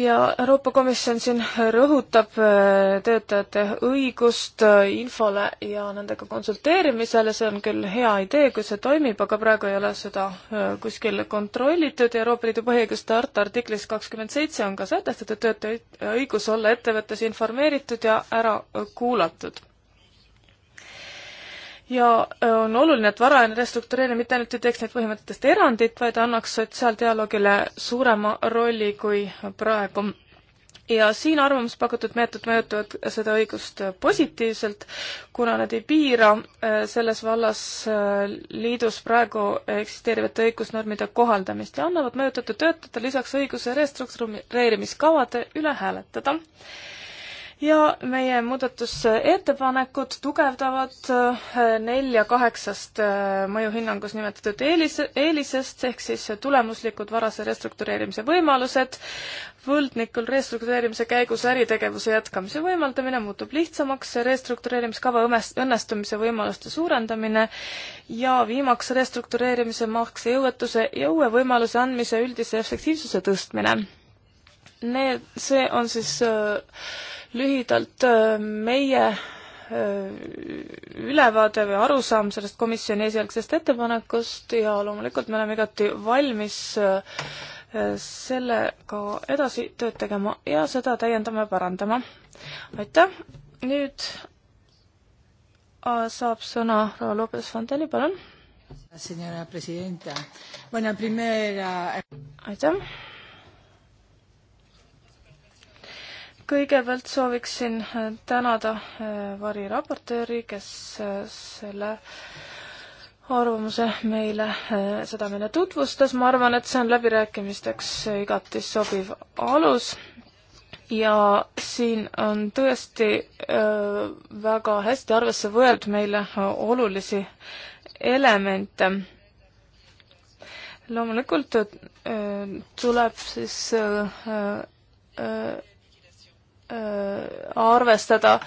ja Euroopa Komisjon siin rõhutab äh, töötajate õigust äh, infole ja nendega konsulteerimisele, see on küll hea idee, kui see toimib, aga praegu ei ole seda äh, kuskil kontrollitud ja Euroopa Liidu põhiõiguste harta artiklis kakskümmend seitse on ka sätestatud töötaja õigus olla ettevõttes informeeritud ja ära kuulatud ja äh, on oluline, et varajane restruktureerimine mitte ainult ei teeks neid põhimõtetest erandit, vaid annaks sotsiaaldialoogile suurema rolli kui praegu. ja siin arvamus pakutud meetod mõjutavad seda õigust positiivselt, kuna nad ei piira äh, selles vallas äh, liidus praegu eksisteerivate õigusnormide kohaldamist ja annavad mõjutatud töötajatele lisaks õiguse restruktureerimiskavade üle hääletada ja meie muudatusettepanekud tugevdavad äh, nelja kaheksast äh, mõjuhinnangus nimetatud eelis, eelisest, ehk siis tulemuslikud varase restruktureerimise võimalused, võlgnikul restruktureerimise käigus äritegevuse jätkamise võimaldamine muutub lihtsamaks, restruktureerimiskava õnnestumise võimaluste suurendamine ja viimaks restruktureerimise maksejõuetuse ja uue võimaluse andmise üldise efektiivsuse tõstmine. Need, see on siis äh, lühidalt äh, meie äh, ülevaade või arusaam sellest komisjoni esialgsest ettepanekust ja loomulikult me oleme igati valmis äh, sellega edasi tööd tegema ja seda täiendama ja parandama. aitäh, nüüd saab sõna proua Lopez Fontani, palun. aitäh. kõigepealt sooviksin äh, tänada äh, variraportööri, kes äh, selle arvamuse meile, seda meile tutvustas, ma arvan, et see on läbirääkimisteks igati sobiv alus ja siin on tõesti väga hästi arvesse võetud meile olulisi elemente. loomulikult tuleb siis Äh, arvestada,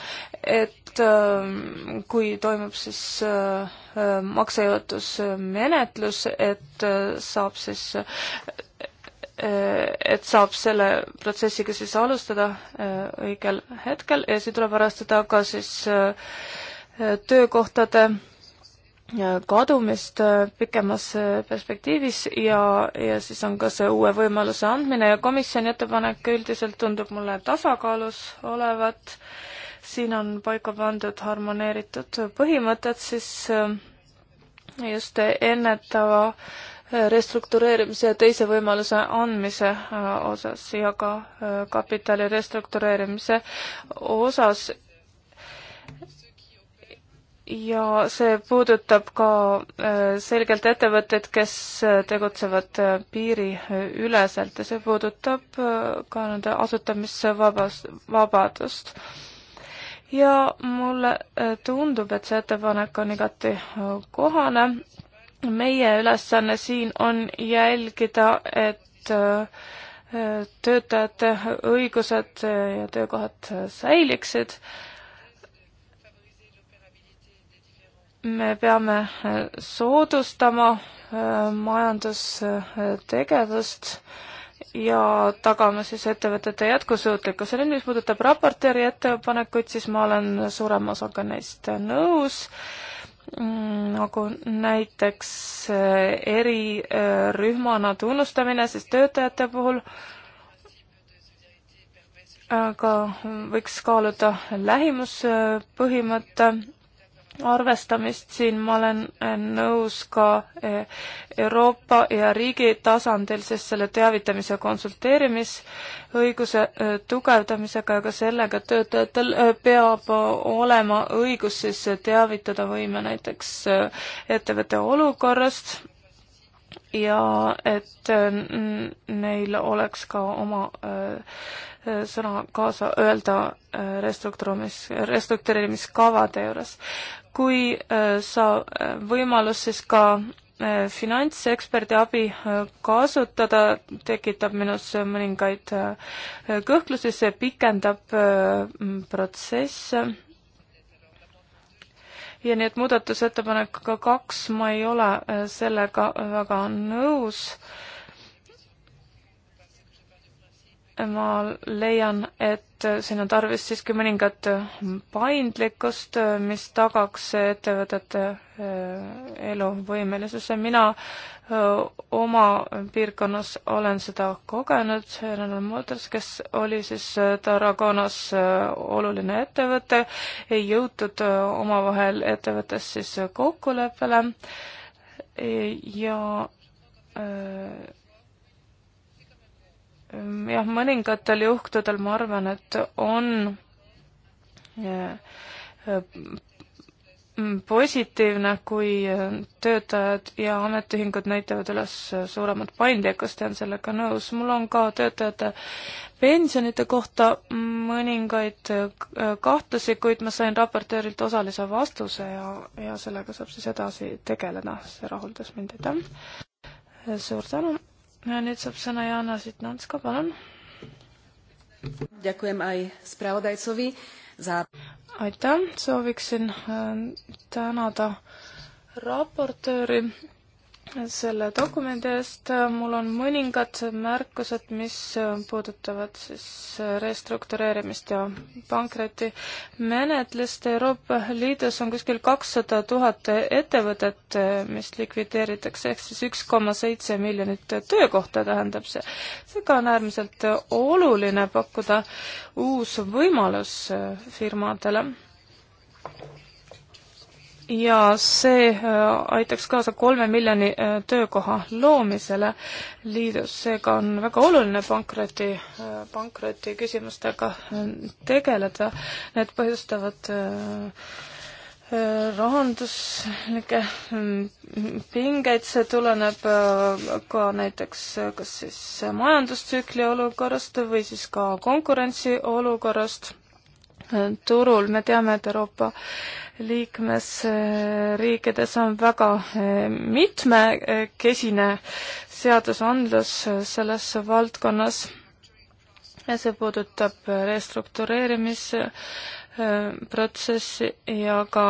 et ähm, kui toimub siis äh, äh, maksejõuetusmenetlus, et saab siis, et saab selle protsessiga siis alustada õigel hetkel ja siin tuleb arvestada ka siis töökohtade kadumist äh, pikemas äh, perspektiivis ja, ja siis on ka see uue võimaluse andmine ja komisjoni ettepanek üldiselt tundub mulle tasakaalus olevat. siin on paika pandud harmoneeritud põhimõtted siis äh, just ennetava restruktureerimise ja teise võimaluse andmise osas ja ka kapitali restruktureerimise osas ja see puudutab ka äh, selgelt ettevõtteid, kes äh, tegutsevad äh, piiriüleselt ja see puudutab ka nende asutamisvabas, vabadust. ja mulle tundub, et see ettepanek on igati kohane. meie ülesanne siin on jälgida, et töötajate õigused ja töökohad säiliksid me peame äh, soodustama äh, majandustegevust ja tagama siis ettevõtete jätkusuutlikkuse. nüüd, mis puudutab raportööri ettepanekuid, siis ma olen suurema osaga neist nõus, mm, nagu näiteks äh, erirühmana tunnustamine siis töötajate puhul, aga võiks kaaluda lähimuspõhimõtte arvestamist, siin ma olen äh, nõus ka äh, Euroopa ja riigi tasandil, sest selle teavitamise konsulteerimisõiguse äh, tugevdamisega ja ka sellega töötajatel peab olema õigus siis teavitada võime näiteks ettevõtte olukorrast ja et neil oleks ka oma sõna kaasa öelda restruktureerimis, restruktureerimiskavade juures kui äh, sa äh, võimalus siis ka äh, finantseksperdi abi kasutada, tekitab minus mõningaid kõhklusi, see pikendab protsesse. ja nii, et muudatusettepanekuga kaks ma ei ole sellega väga nõus ma leian, et siin on tarvis siiski mõningat paindlikkust, mis tagaks ettevõtete eh, eluvõimelisuse. mina eh, oma piirkonnas olen seda kogenud, General Motors, kes oli siis eh, Tarragonas oluline ettevõte, ei jõutud omavahel ettevõttes siis kokkuleppele ja öö, Ehm, jah, mõningatel juhtudel ma arvan, et on positiivne, kui töötajad ja ametiühingud näitavad üles suuremat paindlikkust, olen sellega nõus. mul on ka töötajate pensionite kohta mõningaid äh, kahtlusi, kuid ma sain raportöörilt osalise vastuse ja, ja sellega saab siis edasi tegeleda. see rahuldas mind, aitäh! suur tänu! ja nüüd saab sõna Jana Sitnanska, palun. aitäh, sooviksin äh, tänada raportööri selle dokumendi eest. mul on mõningad märkused, mis puudutavad siis restruktureerimist ja pankrotimenetlust. Euroopa Liidus on kuskil kakssada tuhat ettevõtet, mis likvideeritakse, ehk siis üks koma seitse miljonit töökohta tähendab see. seega on äärmiselt oluline pakkuda uus võimalus firmadele ja see äh, aitaks kaasa kolme miljoni äh, töökoha loomisele liidus, seega on väga oluline pankroti, äh, pankroti küsimustega tegeleda, need põhjustavad rahanduslikke mm, pingeid, see tuleneb ka näiteks kas siis majandustsükli olukorrast või siis ka konkurentsi olukorrast turul, me teame, et Euroopa liikmesriikides on väga eh, mitmekesine eh, seadusandlus eh, selles valdkonnas ja see puudutab restruktureerimisprotsessi ja ka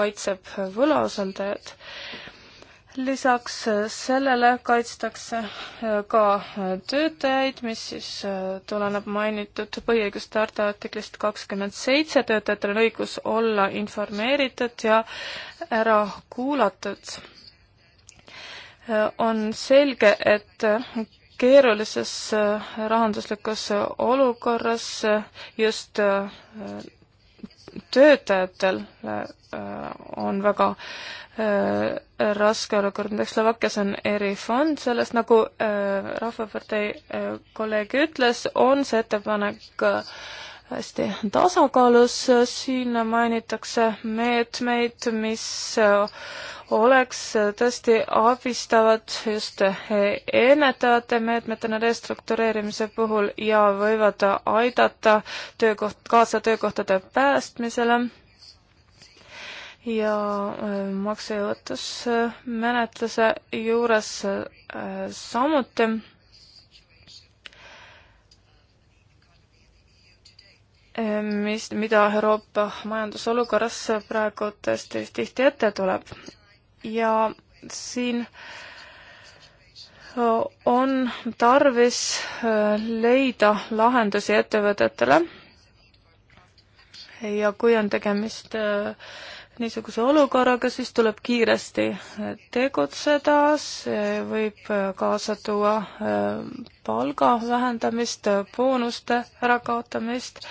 kaitseb võlausaldajad lisaks äh, sellele kaitstakse äh, ka äh, töötajaid, mis siis tuleneb mainitud põhiõiguste harta artiklist kakskümmend seitse, töötajatel on õigus olla informeeritud ja ära kuulatud. on selge, et keerulises rahanduslikus olukorras just töötajatel äh, on väga äh, raske olukord, näiteks Slovakkias on erifond, sellest nagu äh, Rahvapartei kolleeg ütles, on see ettepanek hästi tasakaalus, siin mainitakse meetmeid, mis äh, oleks tõesti abistavad just äh, ennetavate meetmetena restruktureerimise puhul ja võivad aidata töökoht, kaasa töökohtade päästmisele ja äh, maksejõuetusmenetluse juures samuti mis, mida Euroopa majandusolukorras praegu tõesti tihti ette tuleb. ja siin on tarvis leida lahendusi ettevõtetele ja kui on tegemist äh, niisuguse olukorraga, siis tuleb kiiresti tegutseda, see võib kaasa tuua äh, palga vähendamist, boonuste ärakaotamist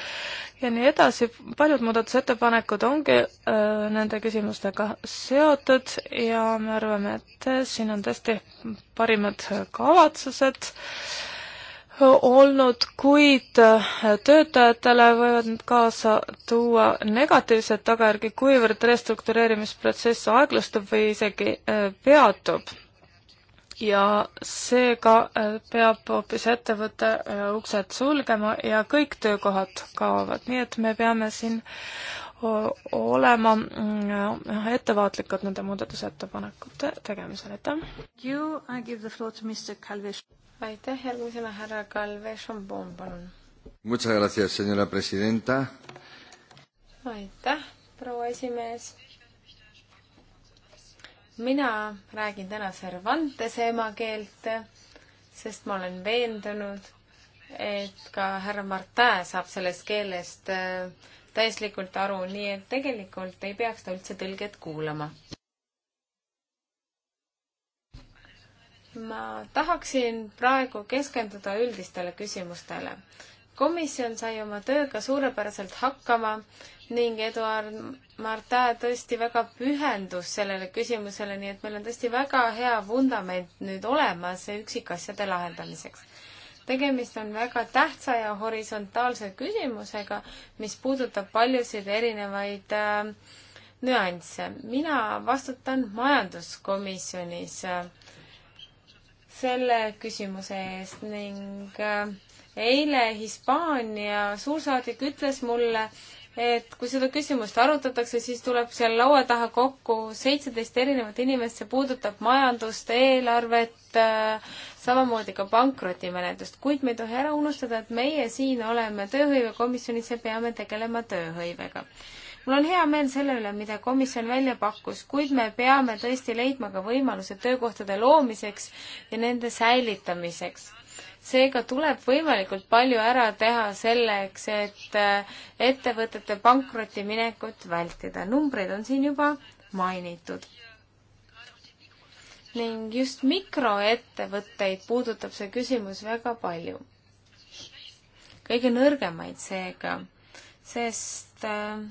ja nii edasi. paljud muudatusettepanekud ongi äh, nende küsimustega seotud ja me arvame, et siin on tõesti parimad kavatsused ka olnud, kuid äh, töötajatele võivad need kaasa tuua negatiivseid tagajärgi, kuivõrd restruktureerimisprotsess aeglustub või isegi äh, peatub. ja seega äh, peab hoopis ettevõte uksed sulgema ja kõik töökohad kaovad, nii et me peame siin olema mm, ettevaatlikud nende muudatusettepanekute tegemisel, aitäh! aitäh, järgmisena härra Kalve Šambon, palun. Muchas gracias, senora presidenta. aitäh, proua esimees. mina räägin täna Cervantese emakeelt, sest ma olen veendunud, et ka härra Martin saab sellest keelest äh, täielikult aru, nii et tegelikult ei peaks ta üldse tõlget kuulama ma tahaksin praegu keskenduda üldistele küsimustele. komisjon sai oma tööga suurepäraselt hakkama ning Eduard Marta tõesti väga pühendus sellele küsimusele, nii et meil on tõesti väga hea vundament nüüd olemas üksikasjade lahendamiseks tegemist on väga tähtsa ja horisontaalse küsimusega, mis puudutab paljusid erinevaid äh, nüansse. mina vastutan majanduskomisjonis äh, selle küsimuse eest ning äh, eile Hispaania suursaadik ütles mulle, et kui seda küsimust arutatakse, siis tuleb seal laua taha kokku seitseteist erinevat inimest, see puudutab majandust, eelarvet, äh, samamoodi ka pankrotimenetlust, kuid me ei tohi ära unustada, et meie siin oleme tööhõivekomisjonis ja peame tegelema tööhõivega mul on hea meel selle üle, mida komisjon välja pakkus, kuid me peame tõesti leidma ka võimalused töökohtade loomiseks ja nende säilitamiseks. seega tuleb võimalikult palju ära teha selleks, et äh, ettevõtete pankrotiminekut vältida. numbreid on siin juba mainitud ning just mikroettevõtteid puudutab see küsimus väga palju. kõige nõrgemaid seega, sest äh,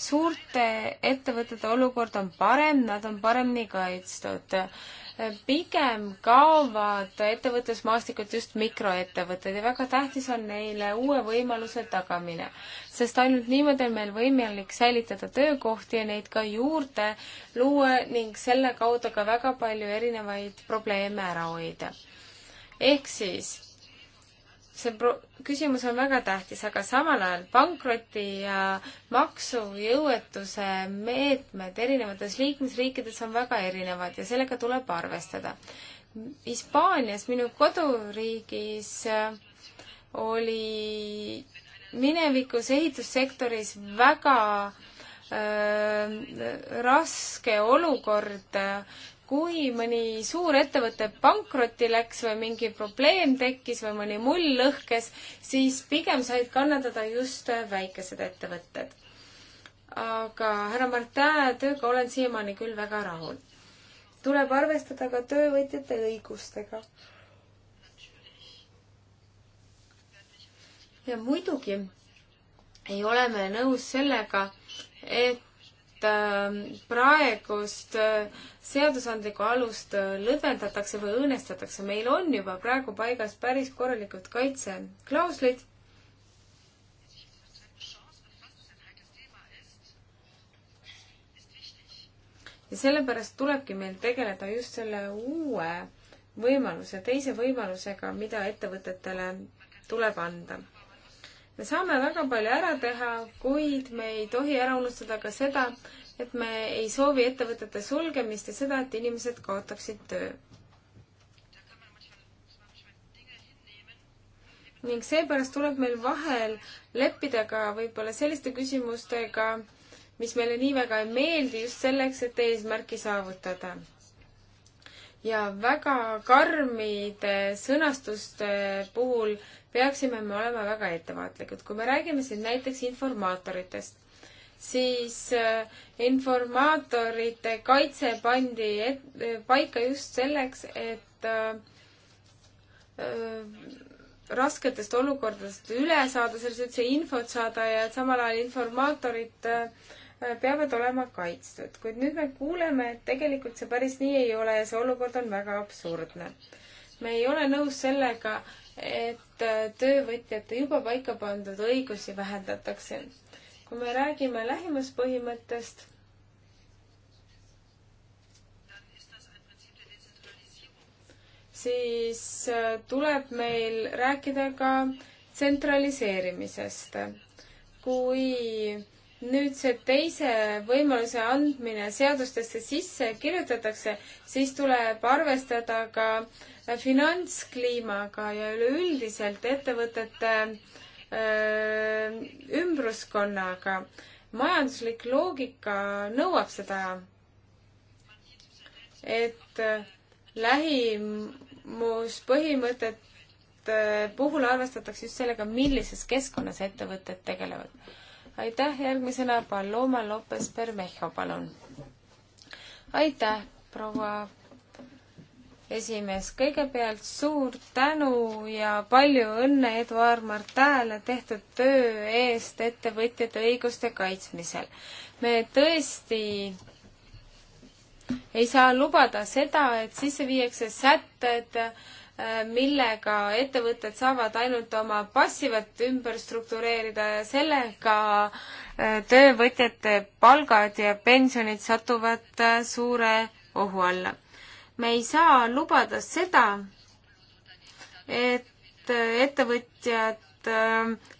suurte ettevõtete olukord on parem, nad on paremini kaitstud. pigem kaovad ettevõtlusmaastikult just mikroettevõtted ja väga tähtis on neile uue võimaluse tagamine, sest ainult niimoodi on meil võimalik säilitada töökohti ja neid ka juurde luua ning selle kaudu ka väga palju erinevaid probleeme ära hoida. ehk siis see pro-, küsimus on väga tähtis, aga samal ajal pankroti ja maksujõuetuse meetmed erinevates liikmesriikides on väga erinevad ja sellega tuleb arvestada. Hispaanias, minu koduriigis, oli minevikus ehitussektoris väga äh, raske olukord äh, kui mõni suur ettevõte pankrotti läks või mingi probleem tekkis või mõni mull lõhkes, siis pigem said kannatada just väikesed ettevõtted. aga härra Martin, tööga olen siiamaani küll väga rahul. tuleb arvestada ka töövõtjate õigustega. ja muidugi ei ole me nõus sellega, et Ähm, praegust äh, seadusandlikku alust äh, lõdvendatakse või õõnestatakse. meil on juba praegu paigas päris korralikud kaitseklauslid. ja sellepärast tulebki meil tegeleda just selle uue võimaluse, teise võimalusega, mida ettevõtetele tuleb anda me saame väga palju ära teha, kuid me ei tohi ära unustada ka seda, et me ei soovi ettevõtete sulgemist ja seda, et inimesed kaotaksid töö. ning seepärast tuleb meil vahel leppida ka võib-olla selliste küsimustega, mis meile nii väga ei meeldi, just selleks, et eesmärki saavutada ja väga karmide sõnastuste puhul peaksime me olema väga ettevaatlikud. kui me räägime siin näiteks informaatoritest, siis äh, informaatorite kaitse pandi et, paika just selleks, et äh, äh rasketest olukordadest üle saada, selles üldse infot saada ja et samal ajal informaatorid äh, Äh, peavad olema kaitstud, kuid nüüd me kuuleme, et tegelikult see päris nii ei ole ja see olukord on väga absurdne. me ei ole nõus sellega, et äh, töövõtjate juba paika pandud õigusi vähendatakse. kui me räägime lähimuspõhimõttest, siis äh, tuleb meil rääkida ka tsentraliseerimisest. kui nüüd see teise võimaluse andmine seadustesse sisse kirjutatakse, siis tuleb arvestada ka finantskliimaga ja üleüldiselt ettevõtete öö, ümbruskonnaga. majanduslik loogika nõuab seda, et lähimuspõhimõtet puhul arvestatakse just sellega, millises keskkonnas ettevõtted tegelevad aitäh, järgmisena Paloma Lopez Bermejo, palun. aitäh, proua esimees, kõigepealt suur tänu ja palju õnne Eduard Martale tehtud töö eest ettevõtjate õiguste kaitsmisel. me tõesti ei saa lubada seda, et sisse viiakse sätted, Äh, millega ettevõtted saavad ainult oma passivat ümber struktureerida ja sellega äh, töövõtjate palgad ja pensionid satuvad äh, suure ohu alla. me ei saa lubada seda, et ettevõtjad,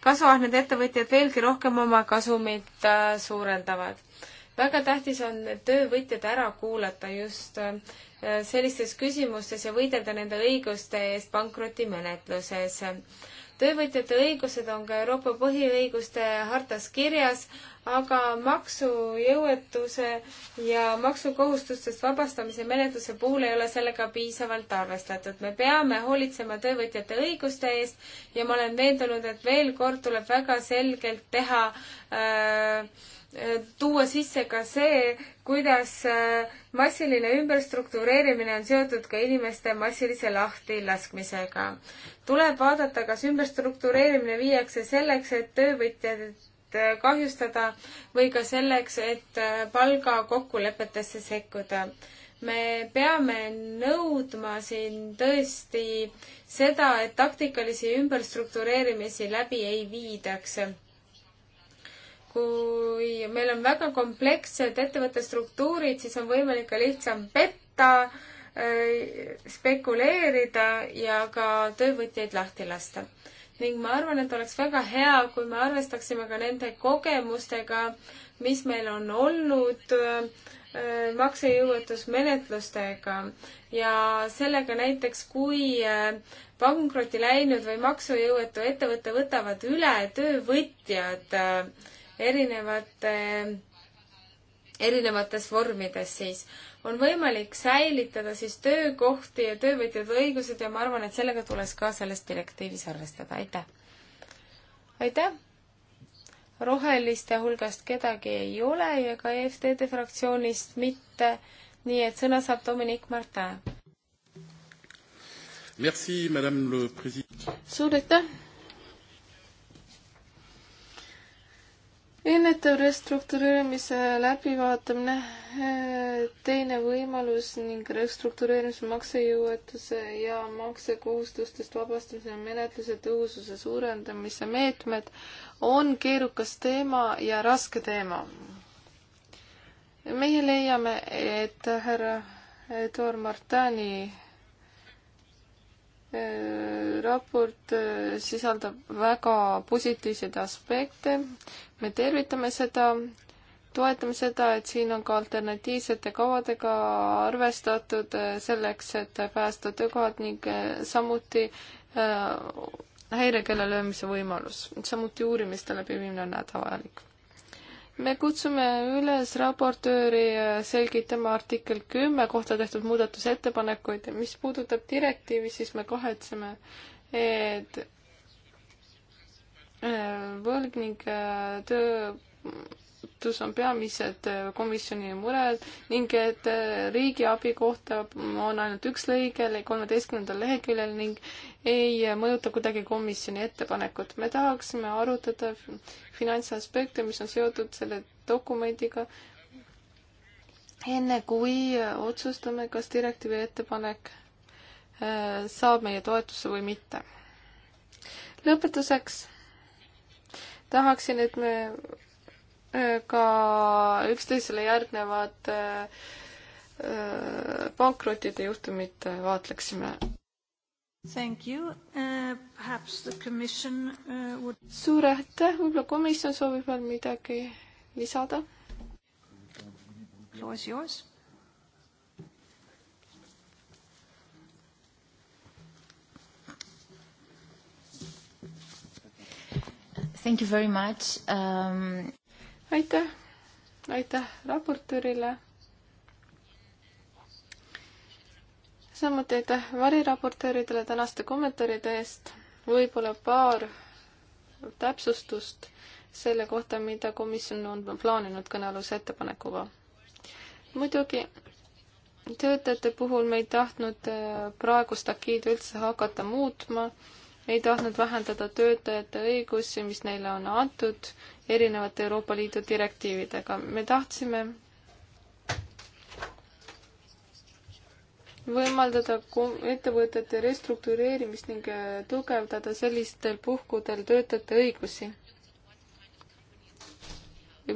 kasuahned ettevõtjad veelgi rohkem oma kasumit suurendavad väga tähtis on töövõtjad ära kuulata just sellistes küsimustes ja võidelda nende õiguste eest pankrotimenetluses. töövõtjate õigused on ka Euroopa põhiõiguste hartas kirjas, aga maksujõuetuse ja maksukohustustest vabastamise menetluse puhul ei ole sellega piisavalt arvestatud. me peame hoolitsema töövõtjate õiguste eest ja ma olen veendunud, et veel kord tuleb väga selgelt teha äh, tuua sisse ka see, kuidas äh, massiline ümberstruktureerimine on seotud ka inimeste massilise lahtilaskmisega. tuleb vaadata, kas ümberstruktureerimine viiakse selleks, et töövõtjat äh, kahjustada või ka selleks, et äh, palgakokkulepetesse sekkuda. me peame nõudma siin tõesti seda, et taktikalisi ümberstruktureerimisi läbi ei viidaks kui meil on väga komplekssed ettevõtte struktuurid, siis on võimalik ka lihtsam petta, äh, spekuleerida ja ka töövõtjaid lahti lasta. ning ma arvan, et oleks väga hea, kui me arvestaksime ka nende kogemustega, mis meil on olnud äh, maksejõuetusmenetlustega ja sellega näiteks, kui äh, pankrotti läinud või maksujõuetu ettevõte võtavad üle töövõtjad äh, erinevate, erinevates vormides siis. on võimalik säilitada siis töökohti ja töövõtjate õigused ja ma arvan, et sellega tuleks ka selles direktiivis arvestada, aitäh! aitäh! roheliste hulgast kedagi ei ole ja ka EFTD fraktsioonist mitte, nii et sõna saab Dominic Martin. suur aitäh, ennetav restruktureerimise läbivaatamine, teine võimalus ning restruktureerimise maksejõuetuse ja maksekohustustest vabastamise menetluse tõhususe suurendamise meetmed on keerukas teema ja raske teema. meie leiame, et härra Edouard Martani raport äh, sisaldab väga positiivseid aspekte. me tervitame seda, toetame seda, et siin on ka alternatiivsete kavadega arvestatud äh, selleks, et päästa töökohad ning äh, samuti häirekella löömise võimalus. samuti uurimiste läbiviimine on hädavajalik me kutsume üles raportööri äh, selgitama artikkel kümme kohta tehtud muudatusettepanekuid. mis puudutab direktiivi, siis me kahetseme, et äh, võlgnike äh, töö arutus on peamised äh, komisjoni mured ning et äh, riigiabi kohta on ainult üks lõige kolmeteistkümnendal leheküljel ning ei mõjuta kuidagi komisjoni ettepanekut. me tahaksime arutada finantsaspekte, mis on seotud selle dokumendiga, enne kui äh, otsustame, kas direktiivi ettepanek saab meie toetuse või mitte. lõpetuseks tahaksin, et me ka üksteisele järgnevad äh, äh, pankrotide juhtumid vaatleksime. Thank you uh,. Perhaps the commission uh, would. suur aitäh, võib-olla komisjon soovib veel midagi lisada? Floor is yours. Thank you very much um aitäh, aitäh raportöörile. samuti aitäh variraportööridele tänaste kommentaaride eest. võib-olla paar täpsustust selle kohta, mida komisjon on plaaninud kõnealuse ettepanekuga. muidugi töötajate puhul me ei tahtnud äh, praegust akiid üldse hakata muutma, ei tahtnud vähendada töötajate õigusi, mis neile on antud erinevate Euroopa Liidu direktiividega. me tahtsime võimaldada ettevõtete restruktureerimist ning äh, tugevdada sellistel puhkudel töötajate õigusi.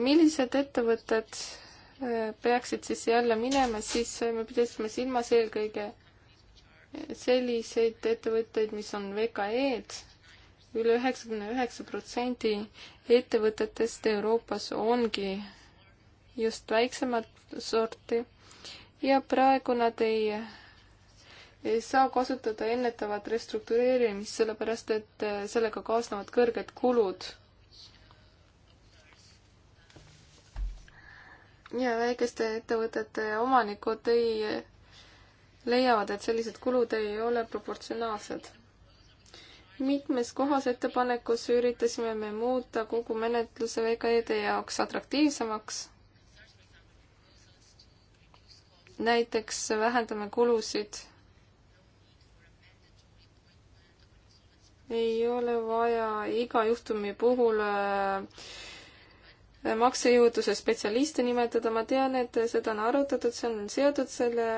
millised ettevõtted äh, peaksid siis jälle minema, siis me pidasime silmas eelkõige selliseid ettevõtteid, mis on VKE-d üle üheksakümne üheksa protsendi ettevõtetest Euroopas ongi just väiksemat sorti ja praegu nad ei, ei saa kasutada ennetavat restruktureerimist, sellepärast et äh, sellega kaasnevad kõrged kulud. ja väikeste ettevõtete omanikud ei, äh, leiavad, et sellised kulud ei ole proportsionaalsed mitmes kohas ettepanekus üritasime me muuta kogu menetluse VKE-de jaoks atraktiivsemaks. näiteks vähendame kulusid. ei ole vaja iga juhtumi puhul äh, maksejõudluse spetsialiste nimetada, ma tean, et seda on arutatud, see on seotud selle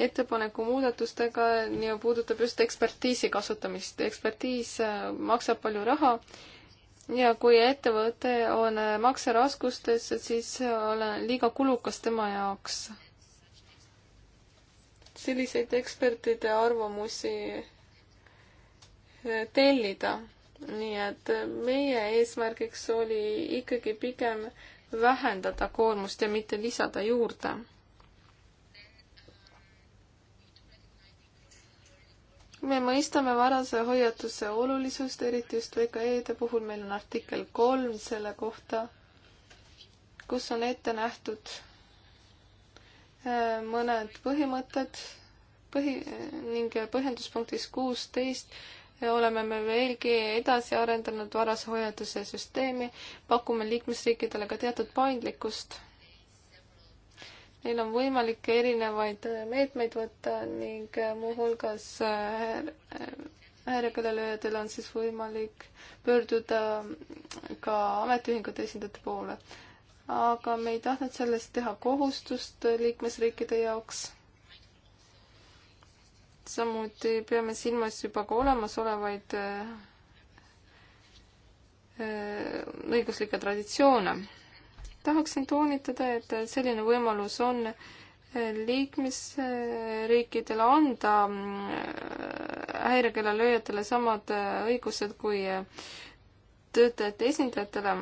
ettepaneku muudatustega ja puudutab just ekspertiisi kasutamist. ekspertiis äh, maksab palju raha ja kui ettevõte on äh, makseraskustes, siis äh, olen liiga kulukas tema jaoks. selliseid ekspertide arvamusi tellida. nii et meie eesmärgiks oli ikkagi pigem vähendada koormust ja mitte lisada juurde me mõistame varase hoiatuse olulisust, eriti just VKE-de puhul, meil on artikkel kolm selle kohta, kus on ette nähtud äh, mõned põhimõtted põhi ning põhjenduspunktis kuusteist äh, oleme me veelgi edasi arendanud varase hoiatuse süsteemi, pakume liikmesriikidele ka teatud paindlikkust neil on võimalik erinevaid äh, meetmeid võtta ning äh, muuhulgas äh, häirekõnelejatel on siis võimalik pöörduda ka ametiühingute esindajate poole. aga me ei tahtnud sellest teha kohustust liikmesriikide jaoks. samuti peame silmas juba ka olemasolevaid õiguslikke traditsioone tahaksin toonitada, et selline võimalus on liikmesriikidele anda mm, häirekella lööjatele samad äh, õigused kui äh, töötajate esindajatele,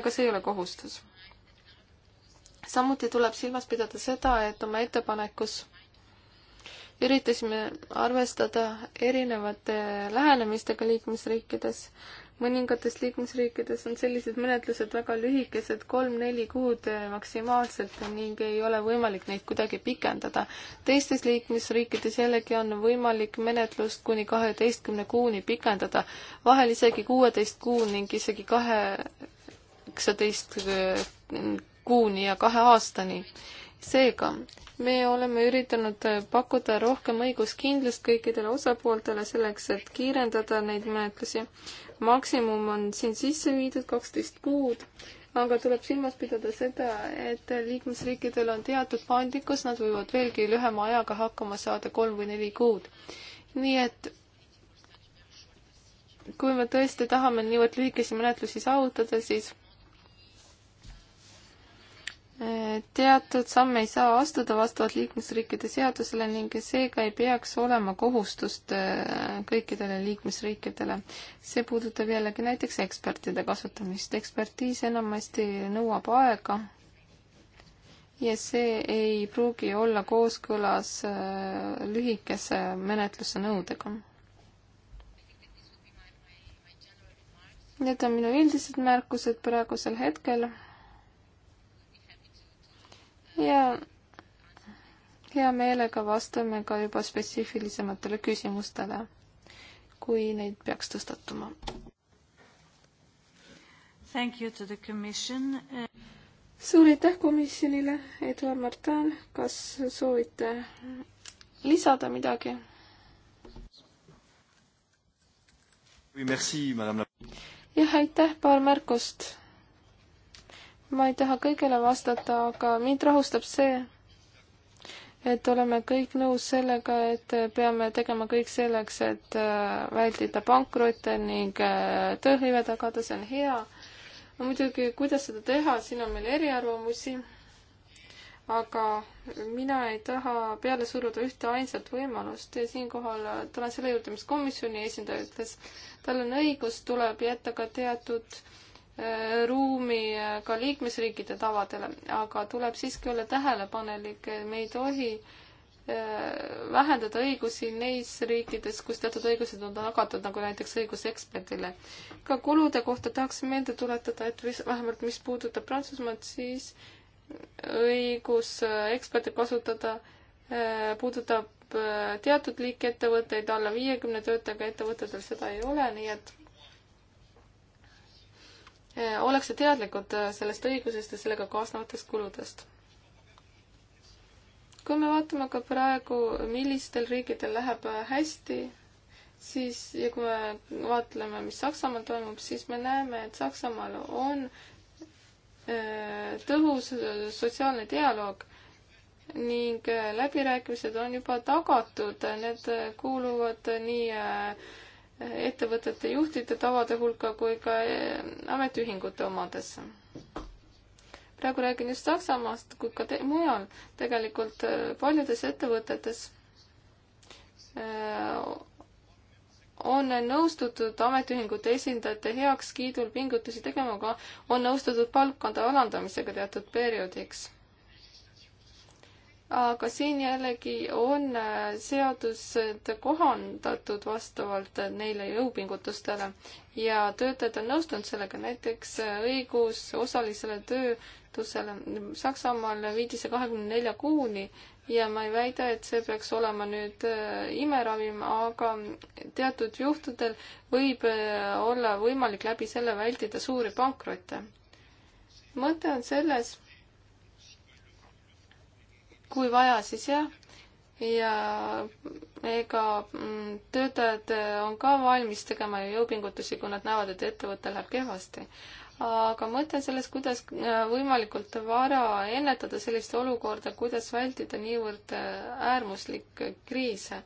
aga see ei ole kohustus. samuti tuleb silmas pidada seda, et oma ettepanekus üritasime arvestada erinevate lähenemistega liikmesriikides mõningates liikmesriikides on sellised menetlused väga lühikesed, kolm-neli kuud maksimaalselt ning ei ole võimalik neid kuidagi pikendada. teistes liikmesriikides jällegi on võimalik menetlust kuni kaheteistkümne kuuni pikendada, vahel isegi kuueteist kuu ning isegi kaheksateist eh, kuuni ja kahe aastani. seega me oleme üritanud pakkuda rohkem õiguskindlust kõikidele osapooltele selleks, et kiirendada neid menetlusi maksimum on siin sisse viidud kaksteist kuud, aga tuleb silmas pidada seda, et liikmesriikidel on teatud paindlikkus, nad võivad veelgi lühema ajaga hakkama saada kolm või neli kuud. nii et kui me tõesti tahame niivõrd lühikesi menetlusi saavutada, siis teatud samme ei saa astuda vastavalt liikmesriikide seadusele ning seega ei peaks olema kohustust äh, kõikidele liikmesriikidele. see puudutab jällegi näiteks ekspertide kasutamist. ekspertiis enamasti nõuab aega ja see ei pruugi olla kooskõlas äh, lühikese menetluse nõudega. Need on minu üldised märkused praegusel hetkel ja hea meelega vastame ka juba spetsiifilisematele küsimustele, kui neid peaks tõstatuma. suur aitäh komisjonile, Eduard Martin, kas soovite lisada midagi? jah, aitäh, paar märkust ma ei taha kõigele vastata, aga mind rahustab see, et oleme kõik nõus sellega, et peame tegema kõik selleks, et äh, vältida pankrotte ning äh, tööhõive tagada, see on hea. muidugi, kuidas seda teha, siin on meil eriarvamusi. aga mina ei taha peale suruda ühte ainsat võimalust ja siinkohal äh, tulen selle juurde, mis komisjoni esindaja ütles. tal on õigus, tuleb jätta ka teatud äh, ruumi ka liikmesriikide tavadele, aga tuleb siiski olla tähelepanelik, me ei tohi äh, vähendada õigusi neis riikides, kus teatud õigused on tagatud, nagu näiteks õigus eksperdile. ka kulude kohta tahaks meelde tuletada, et mis, vähemalt mis puudutab Prantsusmaad, siis õigus äh, eksperte kasutada äh, puudutab teatud liiki ettevõtteid, alla viiekümne töötajaga ettevõtetel seda ei ole, nii et Eh, ollakse teadlikud eh, sellest õigusest ja sellega kaasnevatest kuludest. kui me vaatame ka praegu, millistel riikidel läheb eh, hästi, siis ja kui me vaatleme, mis Saksamaal toimub, siis me näeme, et Saksamaal on tõhus sotsiaalne dialoog ning läbirääkimised on juba tagatud, need kuuluvad nii ettevõtete juhtide tavade hulka kui ka eh, ametiühingute omadesse. praegu räägin just Saksamaast, kui ka te mujal tegelikult eh, paljudes ettevõtetes eh, on nõustutud ametiühingute esindajate heakskiidul pingutusi tegema, aga on nõustutud palkade alandamisega teatud perioodiks aga siin jällegi on äh, seadused kohandatud vastavalt neile jõupingutustele ja töötajad on nõustunud sellega, näiteks äh, õigus osalisele töötusele Saksamaal viidi see kahekümne nelja kuuni ja ma ei väida, et see peaks olema nüüd äh, imeravim, aga teatud juhtudel võib olla võimalik läbi selle vältida suuri pankrotte. mõte on selles kui vaja, siis jah. ja ega mm, töötajad äh, on ka valmis tegema jõupingutusi, kui nad näevad, et ettevõte läheb kehvasti. aga mõte selles, kuidas äh, võimalikult vara ennetada sellist olukorda, kuidas vältida niivõrd äh, äärmuslikke kriise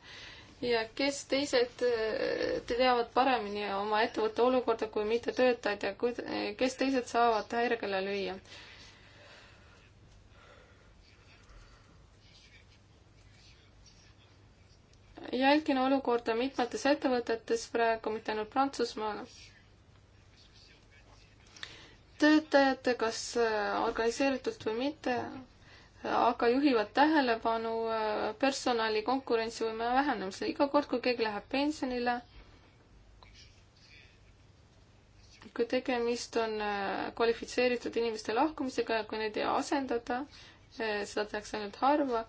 ja kes teised te teavad paremini oma ettevõtte olukorda kui mitte töötajad ja kuid-, kes teised saavad häirekella lüüa. jälgin olukorda mitmetes ettevõtetes praegu, mitte ainult Prantsusmaal. töötajad, kas äh, organiseeritult või mitte, aga juhivad tähelepanu äh, personali konkurentsivõime vähenemisele. iga kord, kui keegi läheb pensionile, kui tegemist on äh, kvalifitseeritud inimeste lahkumisega ja kui neid ei asendata, seda tehakse ainult harva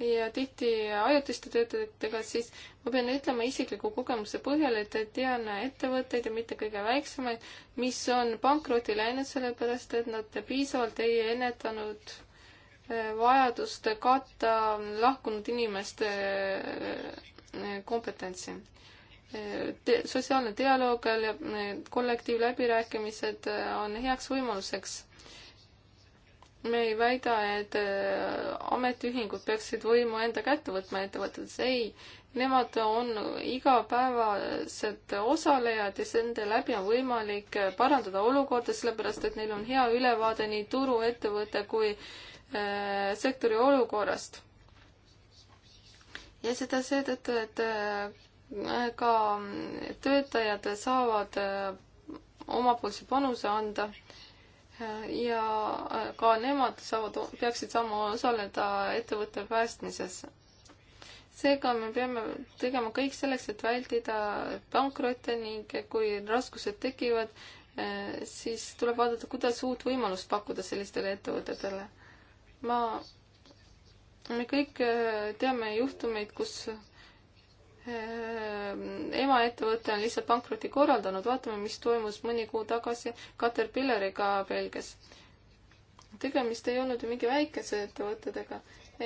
ja tihti ajutiste töötajatega, siis ma pean ütlema isikliku kogemuse põhjal, et tean ettevõtteid ja mitte kõige väiksemaid, mis on pankrotti läinud, sellepärast et nad piisavalt ei ennetanud äh, vajadust katta lahkunud inimeste äh, kompetentsi. Äh, te, sotsiaalne dialoog ja kollektiivläbirääkimised on heaks võimaluseks me ei väida, et äh, ametiühingud peaksid võimu enda kätte võtma ettevõtetes, ei. Nemad on igapäevased osalejad ja nende läbi on võimalik parandada olukorda, sellepärast et neil on hea ülevaade nii turu, ettevõtte kui äh, sektori olukorrast. ja seda seetõttu, et äh, ka töötajad saavad äh, omapoolse panuse anda äh, ja äh, ka nemad saavad, peaksid saama osaleda ettevõtte päästmises. seega me peame tegema kõik selleks, et vältida pankrotte ning kui raskused tekivad, äh, siis tuleb vaadata, kuidas uut võimalust pakkuda sellistele ettevõtetele. ma, me kõik äh, teame juhtumeid, kus Ehm, emaettevõte on lihtsalt pankroti korraldanud, vaatame, mis toimus mõni kuu tagasi Caterpillariga Belgias. tegemist ei olnud ju mingi väikese ettevõtetega.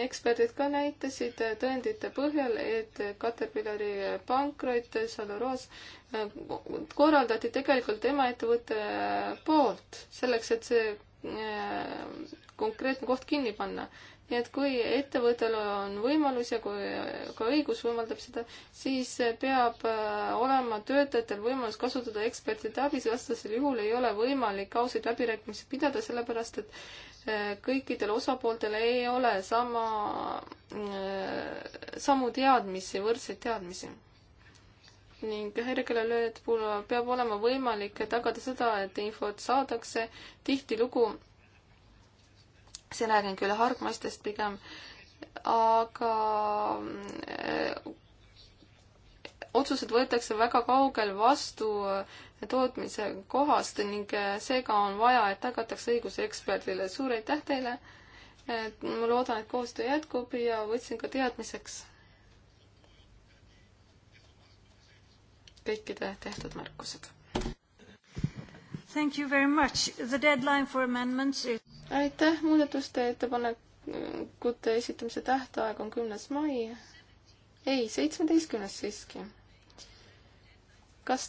eksperdid ka näitasid tõendite põhjal, et Caterpillari pankrot Salaros ehm, korraldati tegelikult emaettevõtte poolt selleks, et see ehm, konkreetne koht kinni panna nii et kui ettevõttel on võimalus ja kui ka õigus võimaldab seda, siis peab äh, olema töötajatel võimalus kasutada ekspertide abi, vastasel juhul ei ole võimalik ausaid läbirääkimisi pidada, sellepärast et äh, kõikidel osapooltel ei ole sama, äh, samu teadmisi, võrdseid teadmisi ning hergelelööd puhul peab olema võimalik tagada seda, et infot saadakse. tihtilugu siin räägin küll hargmaistest pigem, aga äh, otsused võetakse väga kaugel vastu äh, tootmise kohast ning äh, seega on vaja, et tagatakse õigus eksperdile. suur aitäh teile! ma loodan, et koostöö jätkub ja võtsin ka teadmiseks kõikide tehtud märkused. Thank you very much. The deadline for amendments is aitäh, muudatuste ettepanekute esitamise tähtaeg on kümnes mai. ei, seitsmeteistkümnes siiski. kas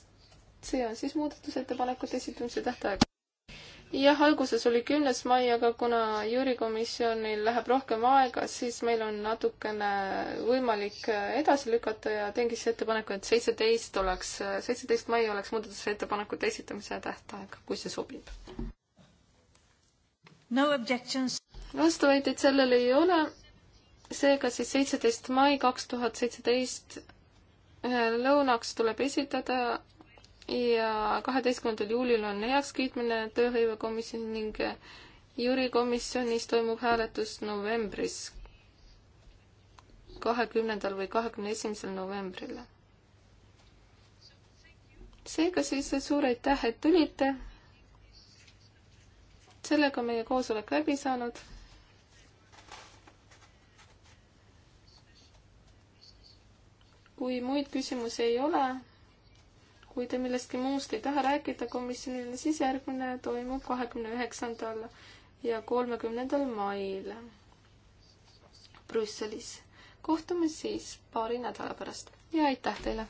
see on siis muudatusettepanekute esitamise tähtaeg? jah, alguses oli kümnes mai, aga kuna juurikomisjonil läheb rohkem aega, siis meil on natukene võimalik edasi lükata ja teengi siis ettepaneku, et seitseteist oleks, seitseteist mai oleks muudatusettepanekute esitamise tähtaeg, kui see sobib no objections. vastuväiteid sellele ei ole, seega siis seitseteist mai kaks tuhat seitseteist lõunaks tuleb esitada ja kaheteistkümnendal juulil on heakskiitmine tööhõivekomisjoni ning juurikomisjonis toimub hääletus novembris, kahekümnendal või kahekümne esimesel novembril seega siis suur aitäh, et tulite sellega on meie koosolek läbi saanud. kui muid küsimusi ei ole, kui te millestki muust ei taha rääkida komisjonile, siis järgmine toimub kahekümne üheksandal ja kolmekümnendal mail Brüsselis. kohtume siis paari nädala pärast ja aitäh teile!